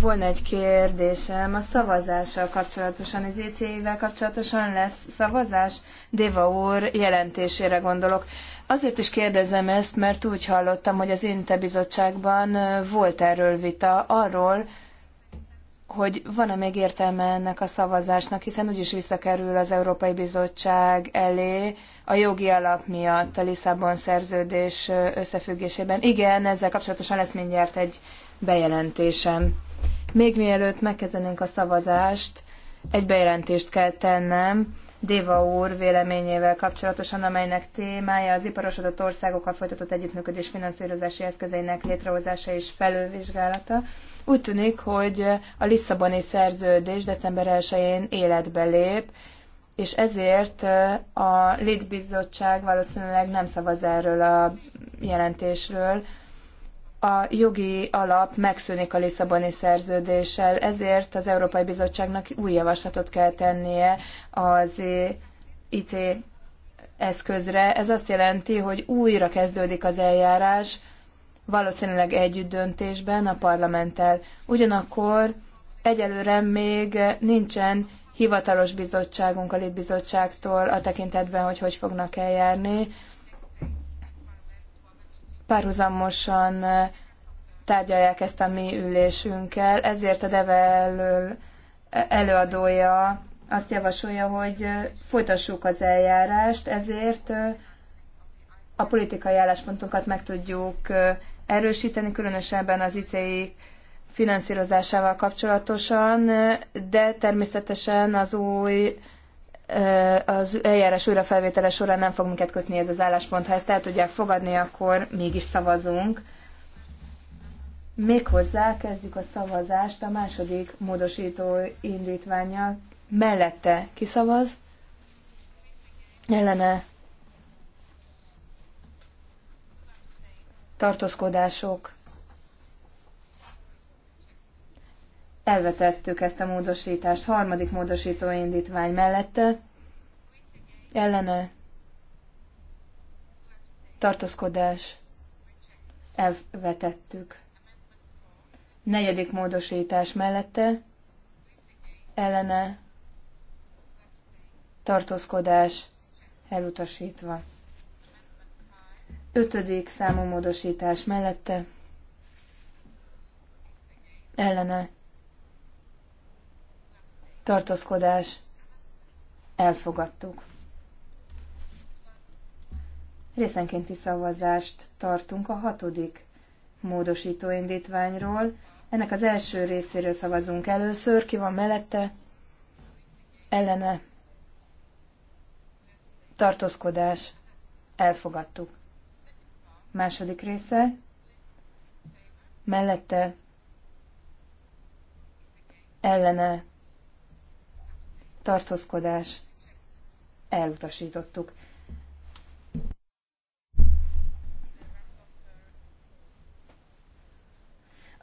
volna egy kérdésem a szavazással kapcsolatosan, az ECI-vel kapcsolatosan lesz szavazás? Deva úr jelentésére gondolok. Azért is kérdezem ezt, mert úgy hallottam, hogy az INTE bizottságban volt erről vita, arról, hogy van-e még értelme ennek a szavazásnak, hiszen úgyis visszakerül az Európai Bizottság elé a jogi alap miatt a Lisszabon szerződés összefüggésében. Igen, ezzel kapcsolatosan lesz mindjárt egy bejelentésem. Még mielőtt megkezdenénk a szavazást, egy bejelentést kell tennem Déva úr véleményével kapcsolatosan, amelynek témája az iparosodott országokkal folytatott együttműködés finanszírozási eszközeinek létrehozása és felülvizsgálata. Úgy tűnik, hogy a Lisszaboni szerződés december 1-én életbe lép, és ezért a Lidbizottság valószínűleg nem szavaz erről a jelentésről, a jogi alap megszűnik a Lisszaboni szerződéssel, ezért az Európai Bizottságnak új javaslatot kell tennie az IC eszközre. Ez azt jelenti, hogy újra kezdődik az eljárás, valószínűleg együtt döntésben a parlamenttel. Ugyanakkor egyelőre még nincsen hivatalos bizottságunk a lidbizottságtól, a tekintetben, hogy hogy fognak eljárni párhuzamosan eh, tárgyalják ezt a mi ülésünkkel, ezért a DEVE elől eh, előadója azt javasolja, hogy eh, folytassuk az eljárást, ezért a politikai álláspontunkat meg tudjuk erősíteni, különösebben az ICI finanszírozásával kapcsolatosan, de természetesen az új az eljárás újrafelvétele során nem fog minket kötni ez az álláspont. Ha ezt el tudják fogadni, akkor mégis szavazunk. Méghozzá kezdjük a szavazást a második módosító indítványa mellette kiszavaz, ellene tartózkodások Elvetettük ezt a módosítást. Harmadik módosító indítvány mellette. Ellene. Tartózkodás. Elvetettük. Negyedik módosítás mellette. Ellene. Tartózkodás. Elutasítva. Ötödik számú módosítás mellette. Ellene tartózkodás, elfogadtuk. Részenkénti szavazást tartunk a hatodik módosító indítványról. Ennek az első részéről szavazunk először, ki van mellette, ellene, tartózkodás, elfogadtuk. Második része, mellette, ellene, tartózkodás, elutasítottuk.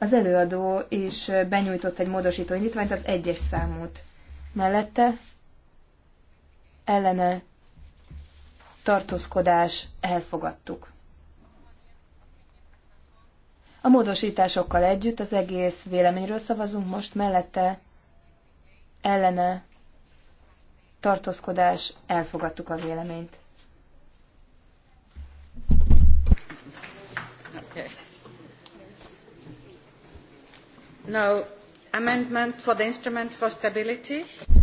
Az előadó is benyújtott egy módosító indítványt, az egyes számot. Mellette ellene tartózkodás elfogadtuk. A módosításokkal együtt az egész véleményről szavazunk most mellette ellene tartózkodás, elfogadtuk a véleményt. Okay. Now, amendment for the instrument for stability.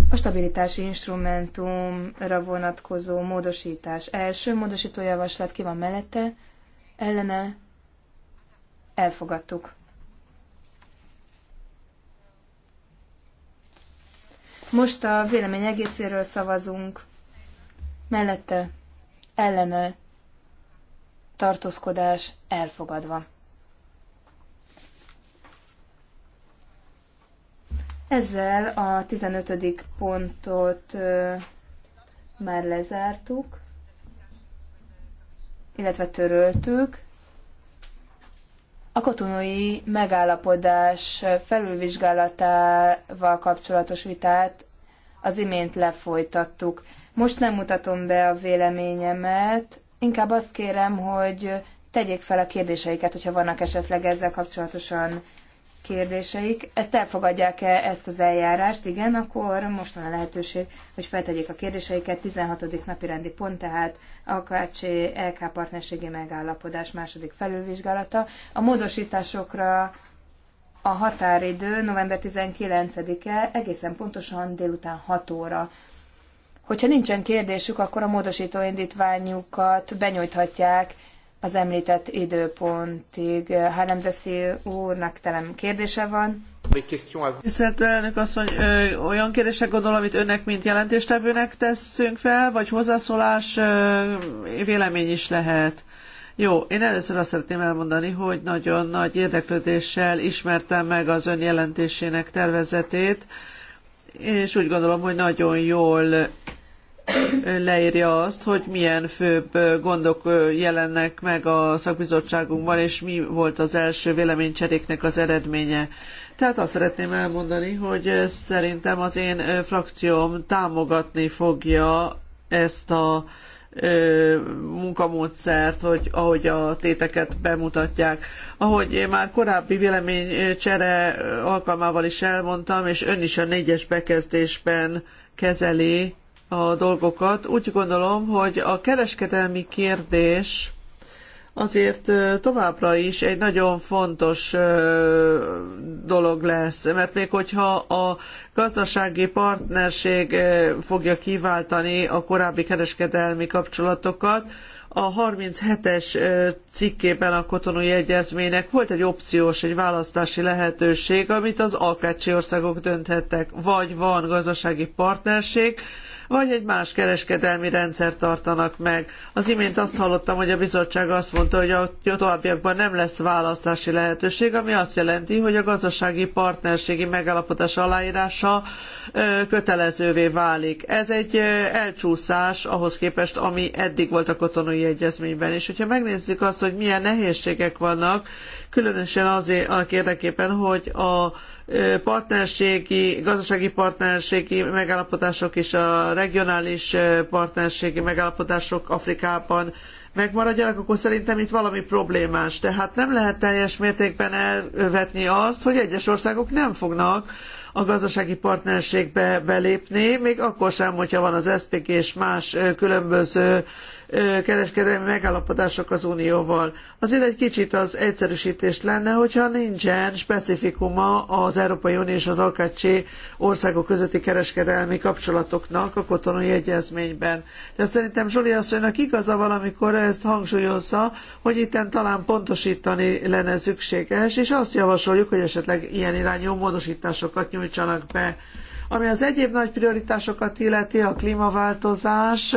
A stabilitási instrumentumra vonatkozó módosítás. Első módosító javaslat ki van mellette, ellene elfogadtuk. Most a vélemény egészéről szavazunk. Mellette ellene tartózkodás elfogadva. Ezzel a 15. pontot már lezártuk, illetve töröltük a kotonói megállapodás felülvizsgálatával kapcsolatos vitát az imént lefolytattuk. Most nem mutatom be a véleményemet, inkább azt kérem, hogy tegyék fel a kérdéseiket, hogyha vannak esetleg ezzel kapcsolatosan kérdéseik. Ezt elfogadják-e ezt az eljárást? Igen, akkor most van a lehetőség, hogy feltegyék a kérdéseiket. 16. napi rendi pont, tehát AKC LK partnerségi megállapodás második felülvizsgálata. A módosításokra a határidő november 19-e egészen pontosan délután 6 óra. Hogyha nincsen kérdésük, akkor a módosító indítványukat benyújthatják az említett időpontig. Hálem teszi úrnak telem kérdése van. Tisztelt elnök asszony, ö, olyan kérdések gondolom, amit önnek, mint jelentéstevőnek teszünk fel, vagy hozzászólás, ö, vélemény is lehet. Jó, én először azt szeretném elmondani, hogy nagyon nagy érdeklődéssel ismertem meg az ön jelentésének tervezetét, és úgy gondolom, hogy nagyon jól leírja azt, hogy milyen főbb gondok jelennek meg a szakbizottságunkban, és mi volt az első véleménycseréknek az eredménye. Tehát azt szeretném elmondani, hogy szerintem az én frakcióm támogatni fogja ezt a munkamódszert, hogy ahogy a téteket bemutatják. Ahogy már korábbi véleménycsere alkalmával is elmondtam, és ön is a négyes bekezdésben kezeli a dolgokat. Úgy gondolom, hogy a kereskedelmi kérdés azért továbbra is egy nagyon fontos dolog lesz, mert még hogyha a gazdasági partnerség fogja kiváltani a korábbi kereskedelmi kapcsolatokat, a 37-es cikkében a kotonói egyezménynek volt egy opciós, egy választási lehetőség, amit az alkácsi országok dönthettek. Vagy van gazdasági partnerség, vagy egy más kereskedelmi rendszer tartanak meg. Az imént azt hallottam, hogy a bizottság azt mondta, hogy a továbbiakban nem lesz választási lehetőség, ami azt jelenti, hogy a gazdasági partnerségi megállapodás aláírása kötelezővé válik. Ez egy elcsúszás ahhoz képest, ami eddig volt a kotonói egyezményben. És hogyha megnézzük azt, hogy milyen nehézségek vannak, különösen azért annak érdekében, hogy a partnerségi, gazdasági partnerségi megállapodások és a regionális partnerségi megállapodások Afrikában megmaradjanak, akkor szerintem itt valami problémás. Tehát nem lehet teljes mértékben elvetni azt, hogy egyes országok nem fognak a gazdasági partnerségbe belépni, még akkor sem, hogyha van az SPG és más különböző kereskedelmi megállapodások az Unióval. Azért egy kicsit az egyszerűsítés lenne, hogyha nincsen specifikuma az Európai Unió és az Alkácsi országok közötti kereskedelmi kapcsolatoknak a kotonai egyezményben. De szerintem Zsoli asszonynak igaza valamikor ezt hangsúlyozza, hogy itten talán pontosítani lenne szükséges, és azt javasoljuk, hogy esetleg ilyen irányú módosításokat nyújtsanak be. Ami az egyéb nagy prioritásokat illeti, a klímaváltozás,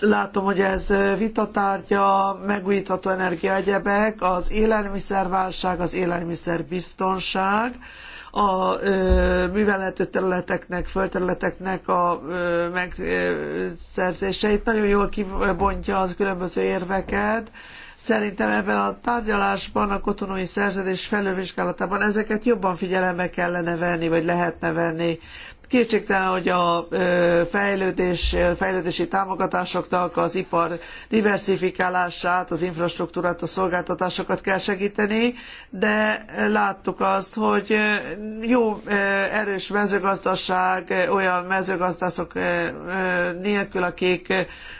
látom, hogy ez vitatárgya, megújítható energia egyebek, az élelmiszerválság, az élelmiszerbiztonság, a művelhető területeknek, földterületeknek a ö, megszerzéseit. Nagyon jól kibontja az különböző érveket. Szerintem ebben a tárgyalásban, a kotonói szerződés felülvizsgálatában ezeket jobban figyelembe kellene venni, vagy lehetne venni. Kétségtelen, hogy a fejlődés, fejlődési támogatásoknak az ipar diversifikálását, az infrastruktúrát, a szolgáltatásokat kell segíteni, de láttuk azt, hogy jó erős mezőgazdaság, olyan mezőgazdászok nélkül, akik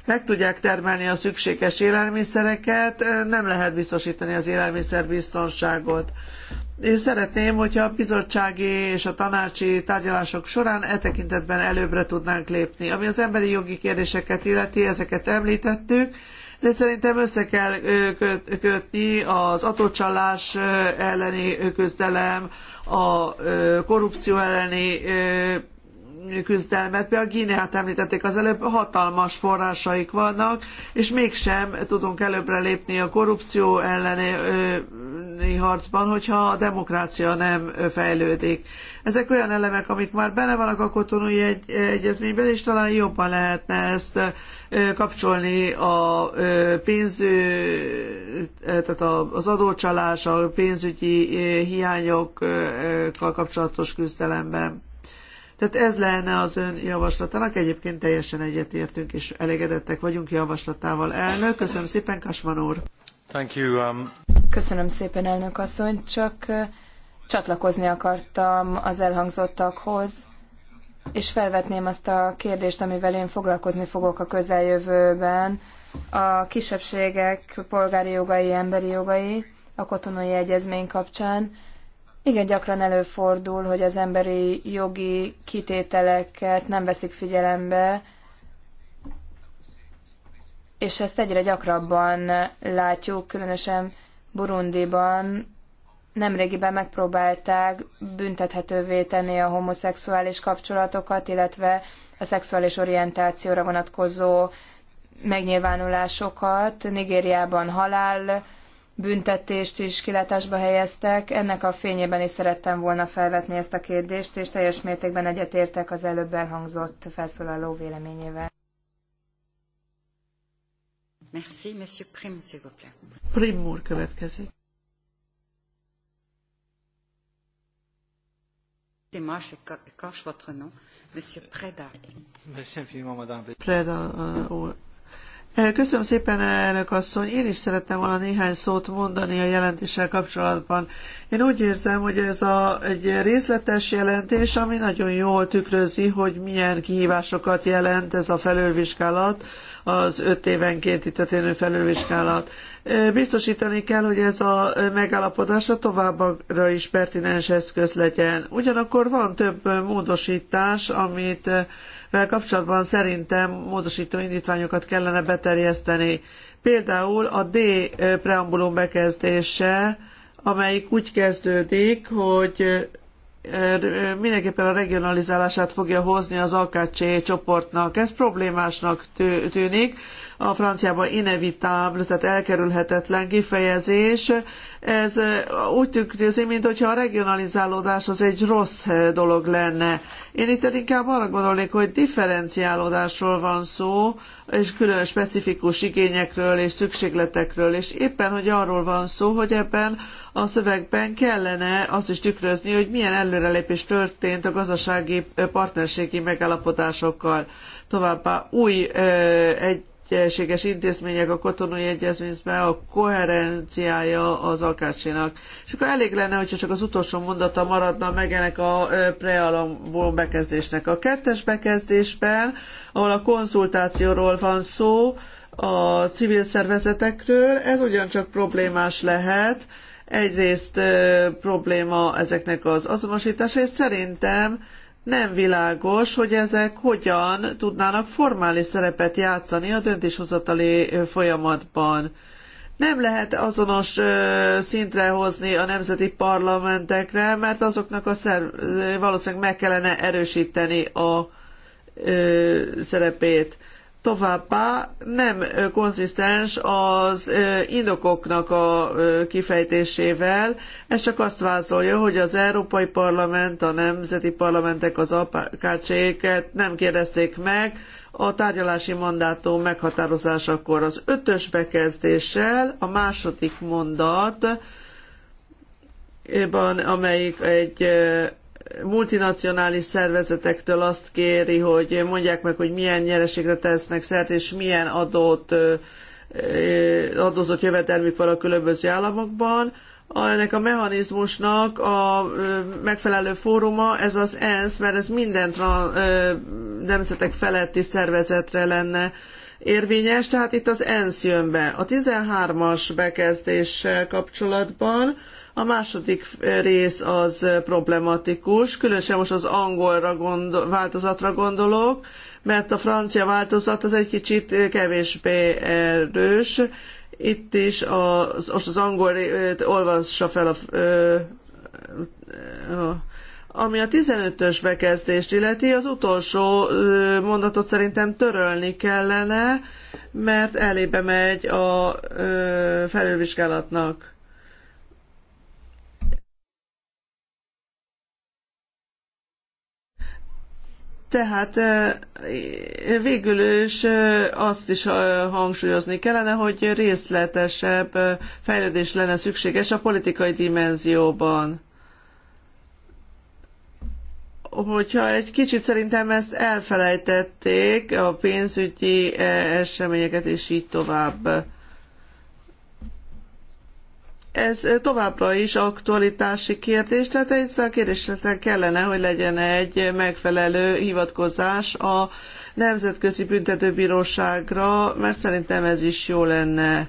meg tudják termelni a szükséges élelmiszereket, nem lehet biztosítani az élelmiszerbiztonságot és szeretném, hogyha a bizottsági és a tanácsi tárgyalások során e tekintetben előbbre tudnánk lépni. Ami az emberi jogi kérdéseket illeti, ezeket említettük, de szerintem össze kell kötni az atócsalás elleni küzdelem, a korrupció elleni küzdelmet. Például Gíneát említették az előbb, hatalmas forrásaik vannak, és mégsem tudunk előbbre lépni a korrupció elleni harcban, hogyha a demokrácia nem fejlődik. Ezek olyan elemek, amik már bele vannak a kotonúi egy, egyezményben, és talán jobban lehetne ezt kapcsolni a pénz, tehát az adócsalás, a pénzügyi hiányokkal kapcsolatos küzdelemben. Tehát ez lenne az ön javaslatának. Egyébként teljesen egyetértünk és elégedettek vagyunk javaslatával. Elnök, köszönöm szépen, Kasman úr. Thank you, um... Köszönöm szépen, elnök asszony. Csak csatlakozni akartam az elhangzottakhoz, és felvetném azt a kérdést, amivel én foglalkozni fogok a közeljövőben. A kisebbségek polgári jogai, emberi jogai a kotonai egyezmény kapcsán igen, gyakran előfordul, hogy az emberi jogi kitételeket nem veszik figyelembe, és ezt egyre gyakrabban látjuk, különösen Burundiban. Nemrégiben megpróbálták büntethetővé tenni a homoszexuális kapcsolatokat, illetve a szexuális orientációra vonatkozó megnyilvánulásokat. Nigériában halál büntetést is kilátásba helyeztek. Ennek a fényében is szerettem volna felvetni ezt a kérdést, és teljes mértékben egyetértek az előbb elhangzott felszólaló véleményével. Merci, Monsieur Prim, s'il vous plaît. Prim úr következik. Dimanche, quand je votre nom, Monsieur Preda. Merci infiniment, Madame. Preda uh, úr. Köszönöm szépen, elnök asszony. Én is szerettem volna néhány szót mondani a jelentéssel kapcsolatban. Én úgy érzem, hogy ez a, egy részletes jelentés, ami nagyon jól tükrözi, hogy milyen kihívásokat jelent ez a felülvizsgálat, az öt évenkénti történő felülvizsgálat. Biztosítani kell, hogy ez a a továbbra is pertinens eszköz legyen. Ugyanakkor van több módosítás, amit vel kapcsolatban szerintem módosító indítványokat kellene beterjeszteni. Például a D preambulum bekezdése, amelyik úgy kezdődik, hogy mindenképpen a regionalizálását fogja hozni az AKC csoportnak. Ez problémásnak tűnik, a franciában inevitable, tehát elkerülhetetlen kifejezés. Ez úgy tükrözi, mintha a regionalizálódás az egy rossz dolog lenne. Én itt inkább arra gondolnék, hogy differenciálódásról van szó, és külön specifikus igényekről és szükségletekről, és éppen, hogy arról van szó, hogy ebben a szövegben kellene azt is tükrözni, hogy milyen előrelépés történt a gazdasági partnerségi megállapodásokkal. Továbbá új egy egységes intézmények a kotonói egyezményben a koherenciája az alkácsénak. És akkor elég lenne, hogyha csak az utolsó mondata maradna meg ennek a prealambul bekezdésnek. A kettes bekezdésben, ahol a konzultációról van szó, a civil szervezetekről, ez ugyancsak problémás lehet. Egyrészt probléma ezeknek az azonosítása, és szerintem nem világos, hogy ezek hogyan tudnának formális szerepet játszani a döntéshozatali folyamatban. Nem lehet azonos szintre hozni a nemzeti parlamentekre, mert azoknak a szerv, valószínűleg meg kellene erősíteni a szerepét. Továbbá nem konzisztens az indokoknak a kifejtésével, ez csak azt vázolja, hogy az Európai Parlament, a nemzeti parlamentek, az AKC-ket nem kérdezték meg a tárgyalási mandátum meghatározásakor. Az ötös bekezdéssel a második mondat, amelyik egy multinacionális szervezetektől azt kéri, hogy mondják meg, hogy milyen nyereségre tesznek szert, és milyen adott adózott jövedelmük van a különböző államokban. Ennek a mechanizmusnak a megfelelő fóruma ez az ENSZ, mert ez minden nemzetek feletti szervezetre lenne érvényes, tehát itt az ENSZ jön be. A 13-as bekezdéssel kapcsolatban a második rész az problematikus, különösen most az angol gondol, változatra gondolok, mert a francia változat az egy kicsit kevésbé erős. Itt is az, most az angol olvassa fel a, a ami a 15-ös bekezdést illeti, az utolsó mondatot szerintem törölni kellene, mert elébe megy a felülvizsgálatnak. Tehát végül is azt is hangsúlyozni kellene, hogy részletesebb fejlődés lenne szükséges a politikai dimenzióban hogyha egy kicsit szerintem ezt elfelejtették, a pénzügyi eseményeket és így tovább. Ez továbbra is aktualitási kérdés, tehát egyszerűen a kérdésre kellene, hogy legyen egy megfelelő hivatkozás a Nemzetközi Büntetőbíróságra, mert szerintem ez is jó lenne.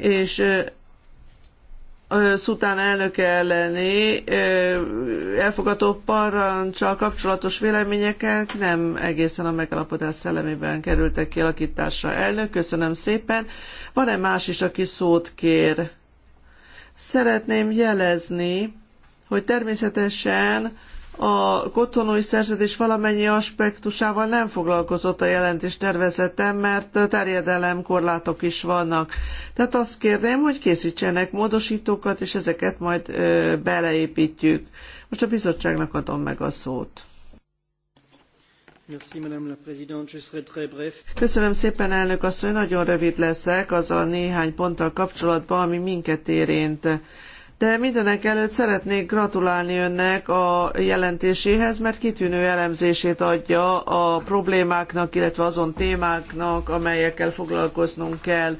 És Szután elnöke elleni elfogadó parancsal kapcsolatos véleményeket nem egészen a megállapodás szellemében kerültek kialakításra. Elnök, köszönöm szépen. Van-e más is, aki szót kér? Szeretném jelezni, hogy természetesen a kotonói szerződés valamennyi aspektusával nem foglalkozott a jelentés tervezetem, mert korlátok is vannak. Tehát azt kérném, hogy készítsenek módosítókat, és ezeket majd ö, beleépítjük. Most a bizottságnak adom meg a szót. Köszönöm szépen, elnök asszony, nagyon rövid leszek azzal a néhány ponttal kapcsolatban, ami minket érint. De mindenek előtt szeretnék gratulálni önnek a jelentéséhez, mert kitűnő elemzését adja a problémáknak, illetve azon témáknak, amelyekkel foglalkoznunk kell.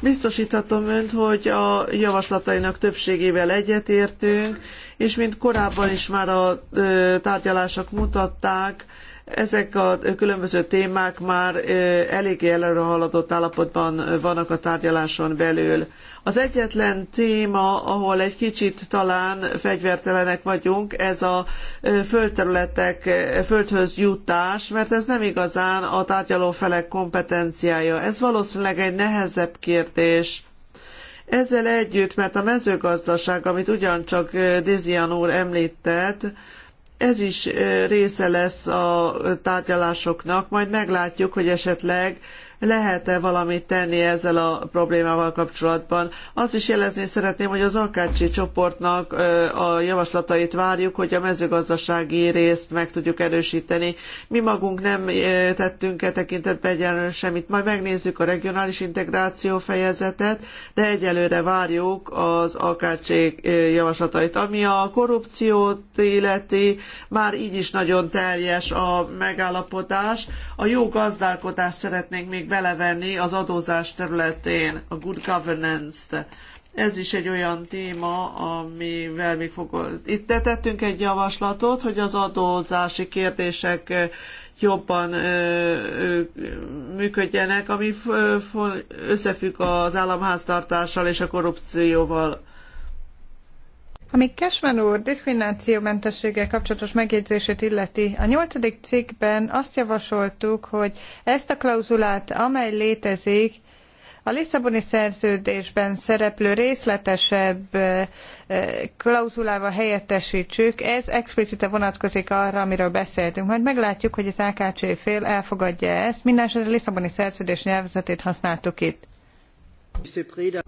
Biztosíthatom önt, hogy a javaslatainak többségével egyetértünk, és mint korábban is már a tárgyalások mutatták, ezek a különböző témák már eléggé előre haladott állapotban vannak a tárgyaláson belül. Az egyetlen téma, ahol egy kicsit talán fegyvertelenek vagyunk, ez a földterületek, földhöz jutás, mert ez nem igazán a tárgyalófelek kompetenciája. Ez valószínűleg egy nehezebb kérdés ezzel együtt, mert a mezőgazdaság, amit ugyancsak Dézian úr említett, ez is része lesz a tárgyalásoknak, majd meglátjuk, hogy esetleg lehet-e valamit tenni ezzel a problémával kapcsolatban. Azt is jelezni szeretném, hogy az Akácsi csoportnak a javaslatait várjuk, hogy a mezőgazdasági részt meg tudjuk erősíteni. Mi magunk nem tettünk e tekintetben egyelőre semmit. Majd megnézzük a regionális integráció fejezetet, de egyelőre várjuk az AKC javaslatait. Ami a korrupciót illeti, már így is nagyon teljes a megállapodás. A jó gazdálkodást szeretnénk még belevenni az adózás területén, a good governance-t. Ez is egy olyan téma, amivel még fogok... Itt tettünk egy javaslatot, hogy az adózási kérdések jobban működjenek, ami összefügg az államháztartással és a korrupcióval. Ami Cashman úr diszkriminációmentességgel kapcsolatos megjegyzését illeti, a nyolcadik cikkben azt javasoltuk, hogy ezt a klauzulát, amely létezik, a Lisszaboni szerződésben szereplő részletesebb klauzulával helyettesítsük, ez explicite vonatkozik arra, amiről beszéltünk. Majd meglátjuk, hogy az AKC fél elfogadja ezt, mindenesetre a Lisszaboni szerződés nyelvezetét használtuk itt.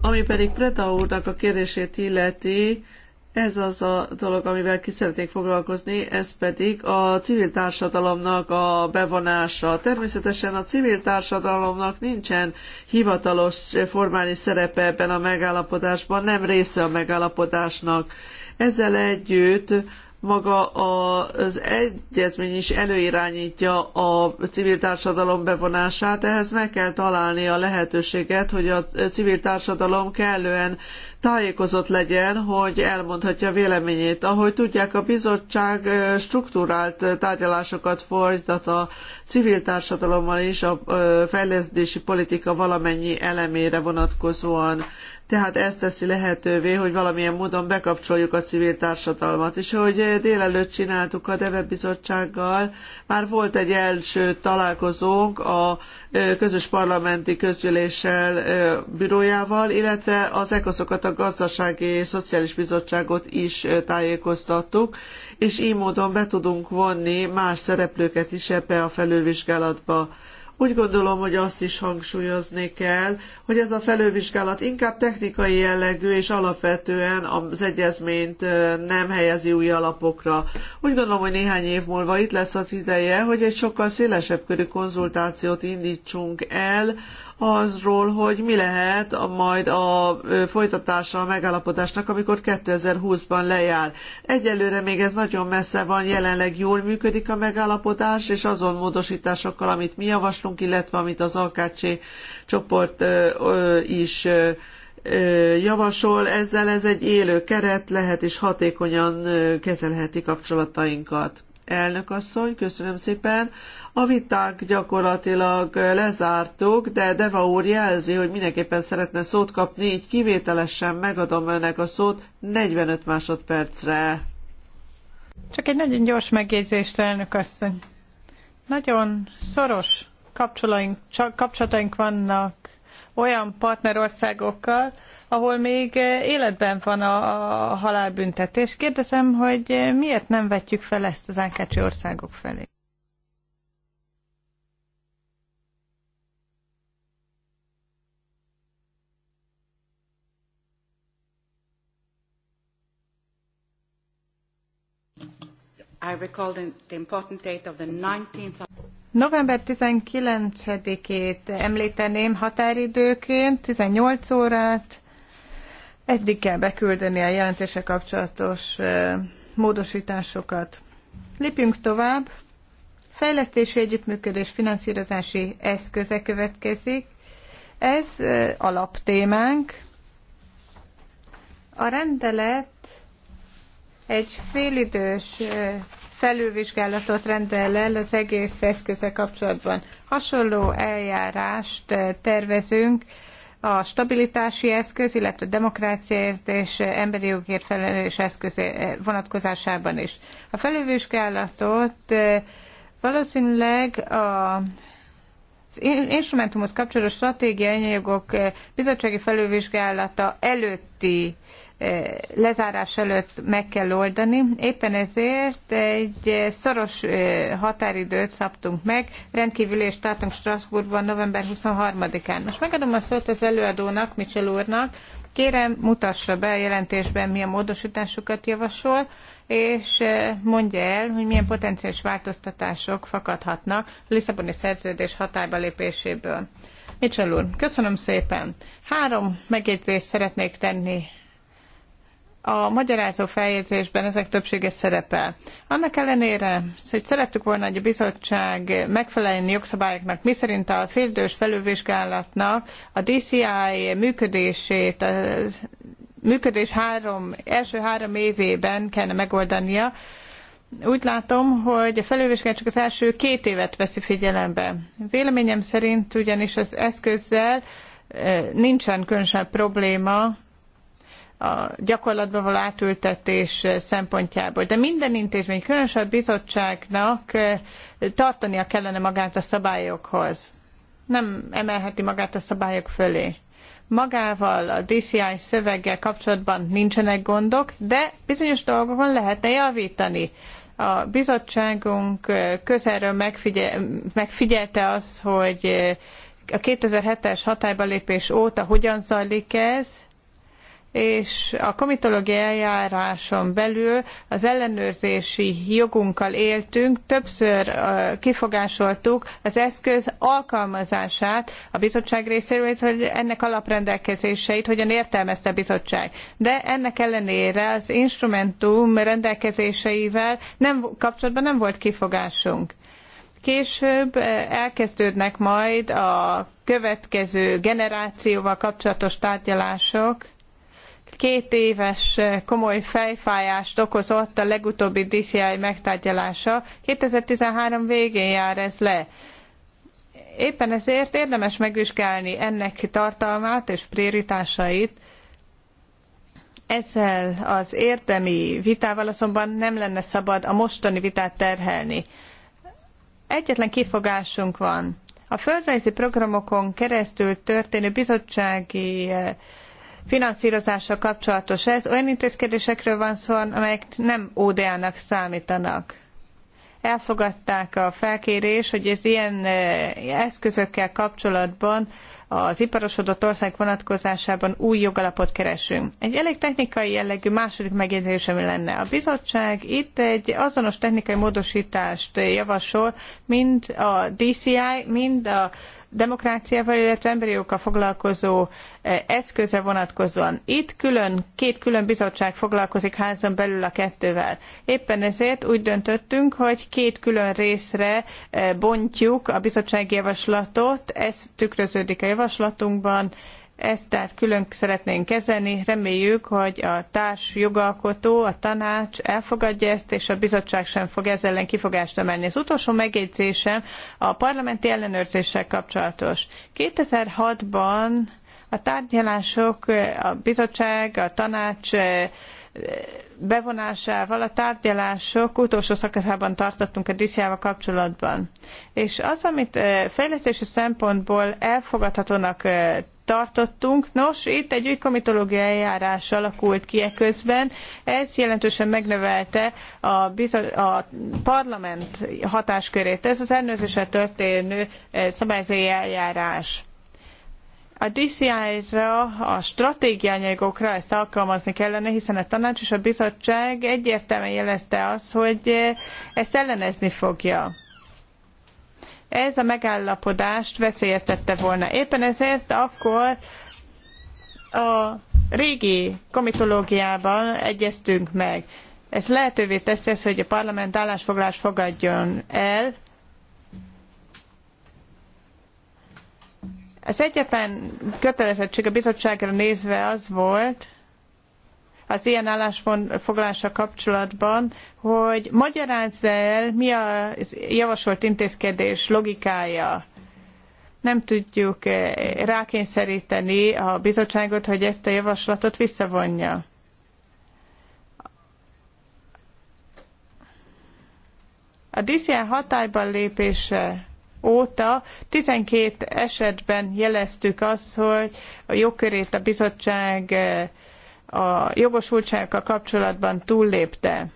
Ami pedig Preda úrnak a kérését illeti, ez az a dolog, amivel ki szeretnék foglalkozni, ez pedig a civil társadalomnak a bevonása. Természetesen a civil társadalomnak nincsen hivatalos formális szerepe ebben a megállapodásban, nem része a megállapodásnak. Ezzel együtt maga az egyezmény is előirányítja a civil társadalom bevonását, ehhez meg kell találni a lehetőséget, hogy a civil társadalom kellően tájékozott legyen, hogy elmondhatja véleményét. Ahogy tudják, a bizottság strukturált tárgyalásokat folytat a civil társadalommal is a fejlesztési politika valamennyi elemére vonatkozóan. Tehát ez teszi lehetővé, hogy valamilyen módon bekapcsoljuk a civil társadalmat. És hogy délelőtt csináltuk a DEVE bizottsággal, már volt egy első találkozónk a közös parlamenti közgyűléssel bürójával, illetve az ECOSZokat, a gazdasági és szociális bizottságot is tájékoztattuk, és így módon be tudunk vonni más szereplőket is ebbe a felülvizsgálatba úgy gondolom, hogy azt is hangsúlyozni kell, hogy ez a felővizsgálat inkább technikai jellegű, és alapvetően az egyezményt nem helyezi új alapokra. Úgy gondolom, hogy néhány év múlva itt lesz az ideje, hogy egy sokkal szélesebb körű konzultációt indítsunk el azról, hogy mi lehet a, majd a folytatása a megállapodásnak, amikor 2020-ban lejár. Egyelőre még ez nagyon messze van, jelenleg jól működik a megállapodás, és azon módosításokkal, amit mi javaslunk, illetve amit az AKC csoport is javasol, ezzel ez egy élő keret lehet és hatékonyan kezelheti kapcsolatainkat. Elnök asszony, köszönöm szépen. A viták gyakorlatilag lezártuk, de Deva úr jelzi, hogy mindenképpen szeretne szót kapni, így kivételesen megadom önnek a szót 45 másodpercre. Csak egy nagyon gyors megjegyzést, elnök asszony. Nagyon szoros kapcsolataink vannak olyan partnerországokkal, ahol még életben van a, halálbüntetés. Kérdezem, hogy miért nem vetjük fel ezt az ánkácsi országok felé? I recall the important date of the 19th November 19-ét említeném határidőként, 18 órát, eddig kell beküldeni a jelentése kapcsolatos módosításokat. Lépjünk tovább. Fejlesztési együttműködés finanszírozási eszköze következik. Ez alaptémánk. A rendelet egy félidős felülvizsgálatot rendel el az egész eszköze kapcsolatban. Hasonló eljárást tervezünk a stabilitási eszköz, illetve a demokráciáért és emberi jogért felelős eszköz vonatkozásában is. A felülvizsgálatot valószínűleg a az instrumentumhoz kapcsolódó stratégiai anyagok bizottsági felülvizsgálata előtti lezárás előtt meg kell oldani. Éppen ezért egy szoros határidőt szabtunk meg, rendkívül és tartunk Strasbourgban november 23-án. Most megadom a szót az előadónak, Mitchell úrnak. Kérem, mutassa be a jelentésben, milyen módosításokat javasol, és mondja el, hogy milyen potenciális változtatások fakadhatnak a Lisszaboni szerződés hatályba lépéséből. Mitchell úr, köszönöm szépen. Három megjegyzést szeretnék tenni a magyarázó feljegyzésben ezek többsége szerepel. Annak ellenére, hogy szerettük volna, hogy a bizottság megfeleljen jogszabályoknak, miszerint a féldős felülvizsgálatnak a DCI működését, a működés három, első három évében kellene megoldania, úgy látom, hogy a felülvizsgálat csak az első két évet veszi figyelembe. Véleményem szerint ugyanis az eszközzel eh, nincsen különösebb probléma, a gyakorlatba való átültetés szempontjából. De minden intézmény, különösen a bizottságnak eh, tartania kellene magát a szabályokhoz. Nem emelheti magát a szabályok fölé. Magával a DCI szöveggel kapcsolatban nincsenek gondok, de bizonyos dolgokon lehetne javítani. A bizottságunk eh, közelről megfigyelte az, hogy eh, a 2007-es hatályba lépés óta hogyan zajlik ez, és a komitológiai eljáráson belül az ellenőrzési jogunkkal éltünk, többször kifogásoltuk az eszköz alkalmazását a bizottság részéről, hogy ennek alaprendelkezéseit hogyan értelmezte a bizottság. De ennek ellenére az instrumentum rendelkezéseivel nem, kapcsolatban nem volt kifogásunk. Később elkezdődnek majd a következő generációval kapcsolatos tárgyalások, két éves eh, komoly fejfájást okozott a legutóbbi DCI megtárgyalása. 2013 végén jár ez le. Éppen ezért érdemes megvizsgálni ennek tartalmát és prioritásait. Ezzel az érdemi vitával azonban nem lenne szabad a mostani vitát terhelni. Egyetlen kifogásunk van. A földrajzi programokon keresztül történő bizottsági eh, finanszírozással kapcsolatos ez. Olyan intézkedésekről van szó, amelyek nem ODA-nak számítanak. Elfogadták a felkérés, hogy az ilyen e, eszközökkel kapcsolatban az iparosodott ország vonatkozásában új jogalapot keresünk. Egy elég technikai jellegű második megjegyzésem lenne. A bizottság itt egy azonos technikai módosítást javasol, mind a DCI, mind a demokráciával, illetve emberi jogokkal foglalkozó eh, eszközre vonatkozóan. Itt külön, két külön bizottság foglalkozik házon belül a kettővel. Éppen ezért úgy döntöttünk, hogy két külön részre eh, bontjuk a bizottsági javaslatot, ez tükröződik a javaslatunkban, ezt tehát külön szeretnénk kezelni. Reméljük, hogy a társ jogalkotó, a tanács elfogadja ezt, és a bizottság sem fog ez ellen kifogást emelni. Az utolsó megjegyzésem a parlamenti ellenőrzéssel kapcsolatos. 2006-ban a tárgyalások, a bizottság, a tanács eh, bevonásával a tárgyalások utolsó szakaszában tartottunk a diszjával kapcsolatban. És az, amit eh, fejlesztési szempontból elfogadhatónak eh, tartottunk. Nos, itt egy új komitológiai eljárás alakult ki eközben. Ez jelentősen megnevelte a, bizony, a parlament hatáskörét. Ez az ellenőrzéssel történő eh, szabályzói eljárás. A DCI-ra, a stratégiányagokra ezt alkalmazni kellene, hiszen a tanács és a bizottság egyértelműen jelezte azt, hogy eh, ezt ellenezni fogja ez a megállapodást veszélyeztette volna. Éppen ezért akkor a régi komitológiában egyeztünk meg. Ez lehetővé teszi ezt, hogy a parlament állásfoglalás fogadjon el. Az egyetlen kötelezettség a bizottságra nézve az volt, az ilyen állásfoglalása kapcsolatban, hogy magyarázz el, mi a javasolt intézkedés logikája. Nem tudjuk eh, rákényszeríteni a bizottságot, hogy ezt a javaslatot visszavonja. A DCI e hatályban lépése óta 12 esetben jeleztük azt, hogy a jogkörét a bizottság eh, a jogosultságokkal kapcsolatban túllépte.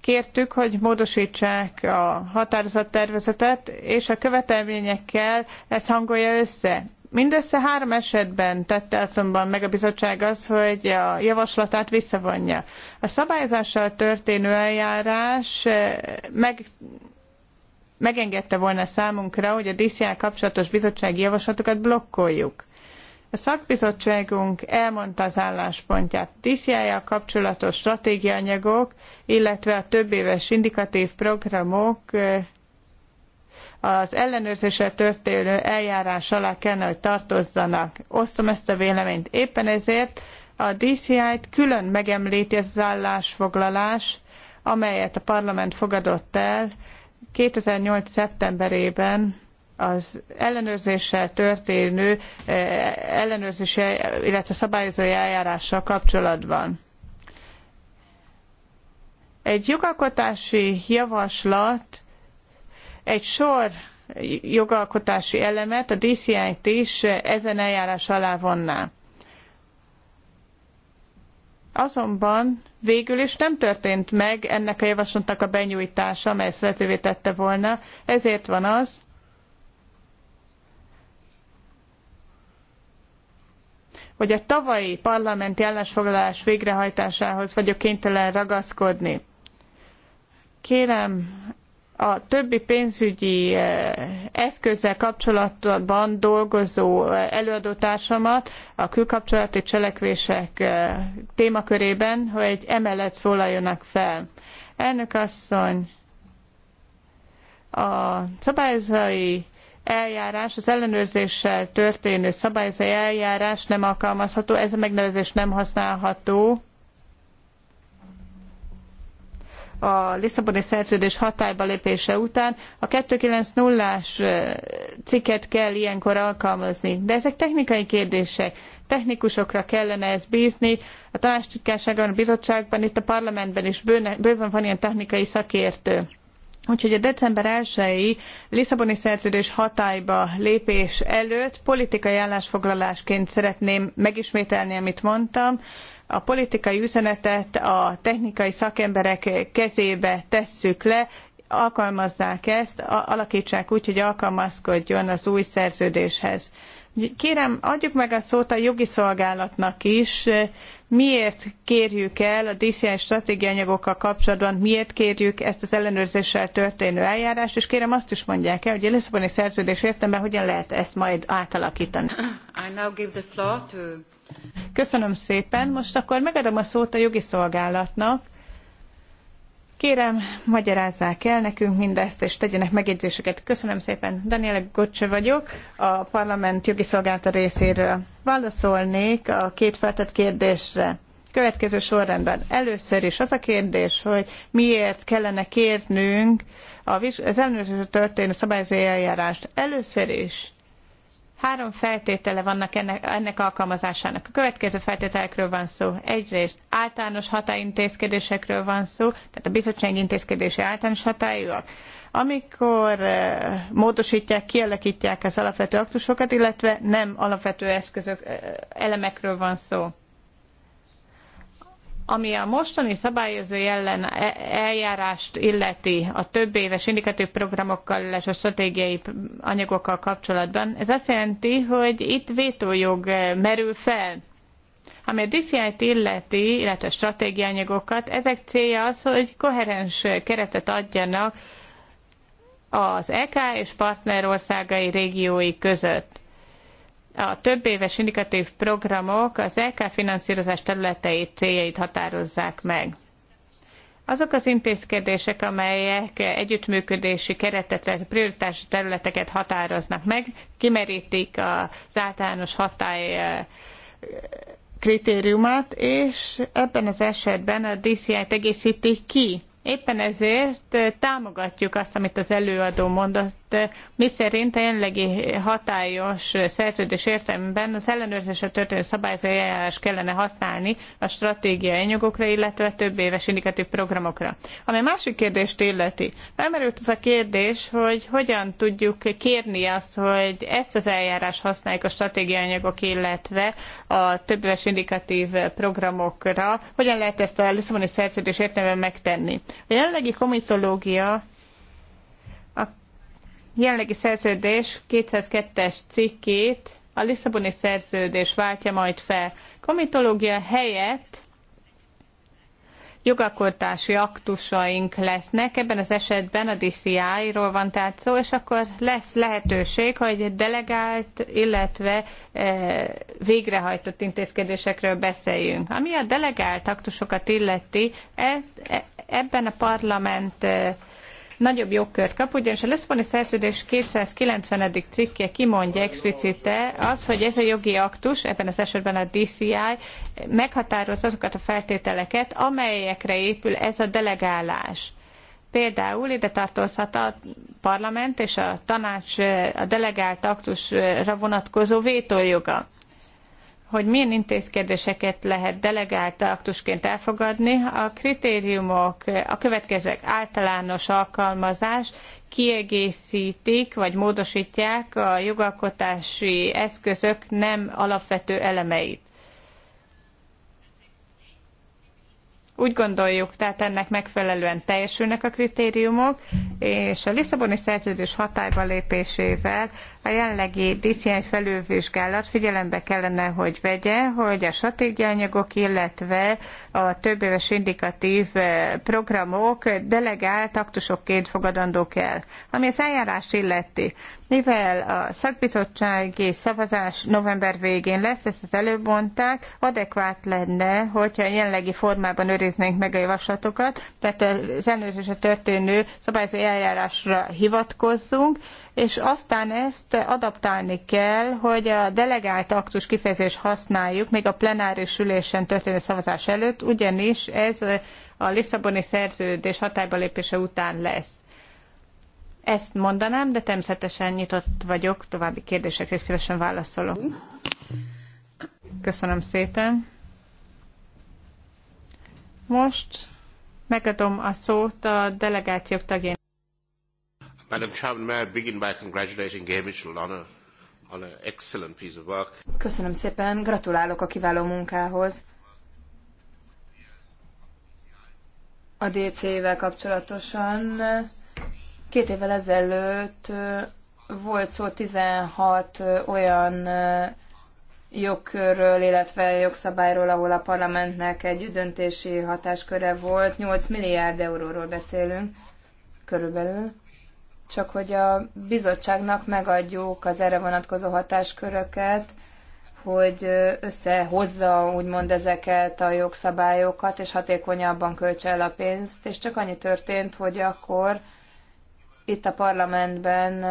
Kértük, hogy módosítsák a határozattervezetet, és a követelményekkel ez hangolja össze. Mindössze három esetben tette azonban meg a bizottság az, hogy a javaslatát visszavonja. A szabályozással történő eljárás eh, meg megengedte volna számunkra, hogy a DCI kapcsolatos bizottsági javaslatokat blokkoljuk. A szakbizottságunk elmondta az álláspontját. a kapcsolatos stratégiaanyagok, illetve a többéves indikatív programok az ellenőrzésre történő eljárás alá kellene, hogy tartozzanak. Osztom ezt a véleményt. Éppen ezért a DCI-t külön megemlíti ez az állásfoglalás, amelyet a parlament fogadott el 2008. szeptemberében az ellenőrzéssel történő eh, ellenőrzési, illetve szabályozói eljárással kapcsolatban. Egy jogalkotási javaslat egy sor jogalkotási elemet, a DCI-t is ezen eljárás alá vonná. Azonban végül is nem történt meg ennek a javaslatnak a benyújtása, amely ezt lehetővé tette volna, ezért van az, hogy a tavalyi parlamenti állásfoglalás végrehajtásához vagyok kénytelen ragaszkodni. Kérem, a többi pénzügyi eh, eszközzel kapcsolatban dolgozó eh, előadótársamat a külkapcsolati cselekvések eh, témakörében, hogy emellett szólaljanak fel. Elnök asszony, a szabályozói eljárás, az ellenőrzéssel történő szabályozói eljárás nem alkalmazható, ez a megnevezés nem használható a Lisszaboni szerződés hatályba lépése után. A 290-as cikket kell ilyenkor alkalmazni, de ezek technikai kérdések. Technikusokra kellene ezt bízni, a tanácstitkárságon, a bizottságban, itt a parlamentben is bőven van ilyen technikai szakértő. Úgyhogy a december 1-i Lisszaboni szerződés hatályba lépés előtt politikai állásfoglalásként szeretném megismételni, amit mondtam. A politikai üzenetet a technikai szakemberek kezébe tesszük le, alkalmazzák ezt, alakítsák úgy, hogy alkalmazkodjon az új szerződéshez. Kérem, adjuk meg a szót a jogi szolgálatnak is. Miért kérjük el a DCI stratégianyagokkal kapcsolatban, miért kérjük ezt az ellenőrzéssel történő eljárást, és kérem azt is mondják el, hogy a Lisszaboni szerződés értelme hogyan lehet ezt majd átalakítani. To... Köszönöm szépen. Most akkor megadom a szót a jogi szolgálatnak. Kérem, magyarázzák el nekünk mindezt, és tegyenek megjegyzéseket. Köszönöm szépen. Daniela Gocse vagyok, a parlament jogi szolgálata részéről. Válaszolnék a két feltett kérdésre. Következő sorrendben. Először is az a kérdés, hogy miért kellene kérnünk az ellenőrző történő szabályozói eljárást. Először is Három feltétele vannak ennek, ennek alkalmazásának. A következő feltételekről van szó. Egyrészt általános határintézkedésekről van szó, tehát a bizottság intézkedése általános hatályúak. Amikor eh, módosítják, kialakítják az alapvető aktusokat, illetve nem alapvető eszközök eh, elemekről van szó. Ami a mostani szabályozó ellen e- eljárást illeti a több éves indikatív programokkal, illetve stratégiai anyagokkal kapcsolatban, ez azt jelenti, hogy itt vétójog eh, merül fel. Ami a DCI-t illeti, illetve stratégiai anyagokat, ezek célja az, hogy koherens keretet adjanak az EK és partnerországai régiói között a több éves indikatív programok az LK finanszírozás területeit, céljait határozzák meg. Azok az intézkedések, amelyek együttműködési keretet, prioritási területeket határoznak meg, kimerítik az általános hatály eh, kritériumát, és ebben az esetben a DCI-t egészítik ki. Éppen ezért eh, támogatjuk azt, amit az előadó mondott Eh, mi szerint a jelenlegi hatályos eh, szerződés értelmében az ellenőrzésre történő szabályozó eljárás kellene használni a stratégiai anyagokra, illetve több éves indikatív programokra. Ami a másik kérdést illeti, felmerült az a kérdés, hogy hogyan tudjuk kérni azt, hogy ezt az eljárás használjuk a stratégiai anyagok, illetve a több éves indikatív programokra, hogyan lehet ezt a Lisszaboni szerződés értelmében megtenni. A jelenlegi komitológia jelenlegi szerződés 202-es cikkét a Lisszaboni szerződés váltja majd fel. Komitológia helyett jogakortási aktusaink lesznek, ebben az esetben a DCI-ról van tehát szó, és akkor lesz lehetőség, hogy delegált, illetve e, végrehajtott intézkedésekről beszéljünk. Ami a delegált aktusokat illeti, ez, e, ebben a parlament e, nagyobb jogkört kap, ugyanis a Lisszaboni szerződés 290. cikke kimondja explicite az, hogy ez a jogi aktus, ebben az esetben a DCI, meghatároz azokat a feltételeket, amelyekre épül ez a delegálás. Például ide tartozhat a parlament és a tanács a delegált aktusra vonatkozó vétójoga hogy milyen intézkedéseket lehet delegált aktusként elfogadni. A kritériumok a következők általános alkalmazás, kiegészítik vagy módosítják a jogalkotási eszközök nem alapvető elemeit. Úgy gondoljuk, tehát ennek megfelelően teljesülnek a kritériumok, és a Lisszaboni szerződés hatályba lépésével a jelenlegi DCI felülvizsgálat figyelembe kellene, hogy vegye, hogy a stratégiaanyagok, illetve a többéves indikatív eh, programok delegált aktusokként fogadandók el. Ami az eljárást illeti, mivel a szakbizottsági szavazás november végén lesz, ezt az előbb mondták, adekvát lenne, hogyha jelenlegi formában őriznénk meg a javaslatokat, tehát az ellenőrzésre történő szabályozó eljárásra hivatkozzunk, és aztán ezt adaptálni kell, hogy a delegált aktus kifejezés használjuk, még a plenáris ülésen történő szavazás előtt, ugyanis ez a Lisszaboni szerződés hatályba lépése után lesz. Ezt mondanám, de természetesen nyitott vagyok, további kérdésekre szívesen válaszolok. Köszönöm szépen. Most megadom a szót a delegációk tagjainak. Madam Chairman, may I begin by congratulating Gay Mitchell on on an excellent piece of work. Köszönöm szépen, gratulálok a kiváló munkához. A DC-vel kapcsolatosan Két évvel ezelőtt volt szó 16 olyan jogkörről, illetve jogszabályról, ahol a parlamentnek egy döntési hatásköre volt. 8 milliárd euróról beszélünk körülbelül. Csak hogy a bizottságnak megadjuk az erre vonatkozó hatásköröket, hogy összehozza úgymond ezeket a jogszabályokat, és hatékonyabban költse el a pénzt, és csak annyi történt, hogy akkor itt a parlamentben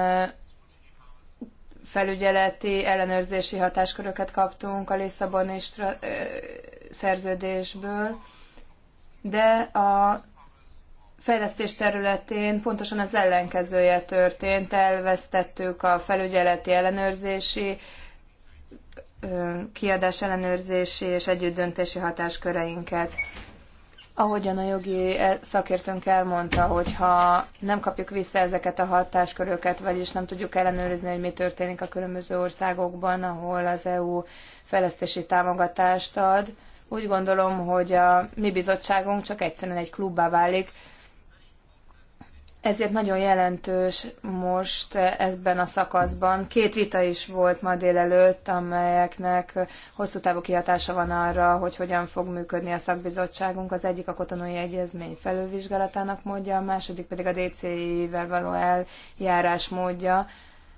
felügyeleti, ellenőrzési hatásköröket kaptunk a Lisszaboni szerződésből, de a fejlesztés területén pontosan az ellenkezője történt, elvesztettük a felügyeleti ellenőrzési, kiadás ellenőrzési és együttdöntési hatásköreinket. Ahogyan a jogi eh, szakértőnk elmondta, hogy ha nem kapjuk vissza ezeket a hatásköröket, vagyis nem tudjuk ellenőrizni, hogy mi történik a különböző országokban, ahol az EU fejlesztési támogatást ad, úgy gondolom, hogy a mi bizottságunk csak egyszerűen egy klubbá válik, ezért nagyon jelentős most ebben a szakaszban. Két vita is volt ma délelőtt, amelyeknek hosszú távú kihatása van arra, hogy hogyan fog működni a szakbizottságunk. Az egyik a kotonói egyezmény felülvizsgálatának módja, a második pedig a DCI-vel való eljárás módja.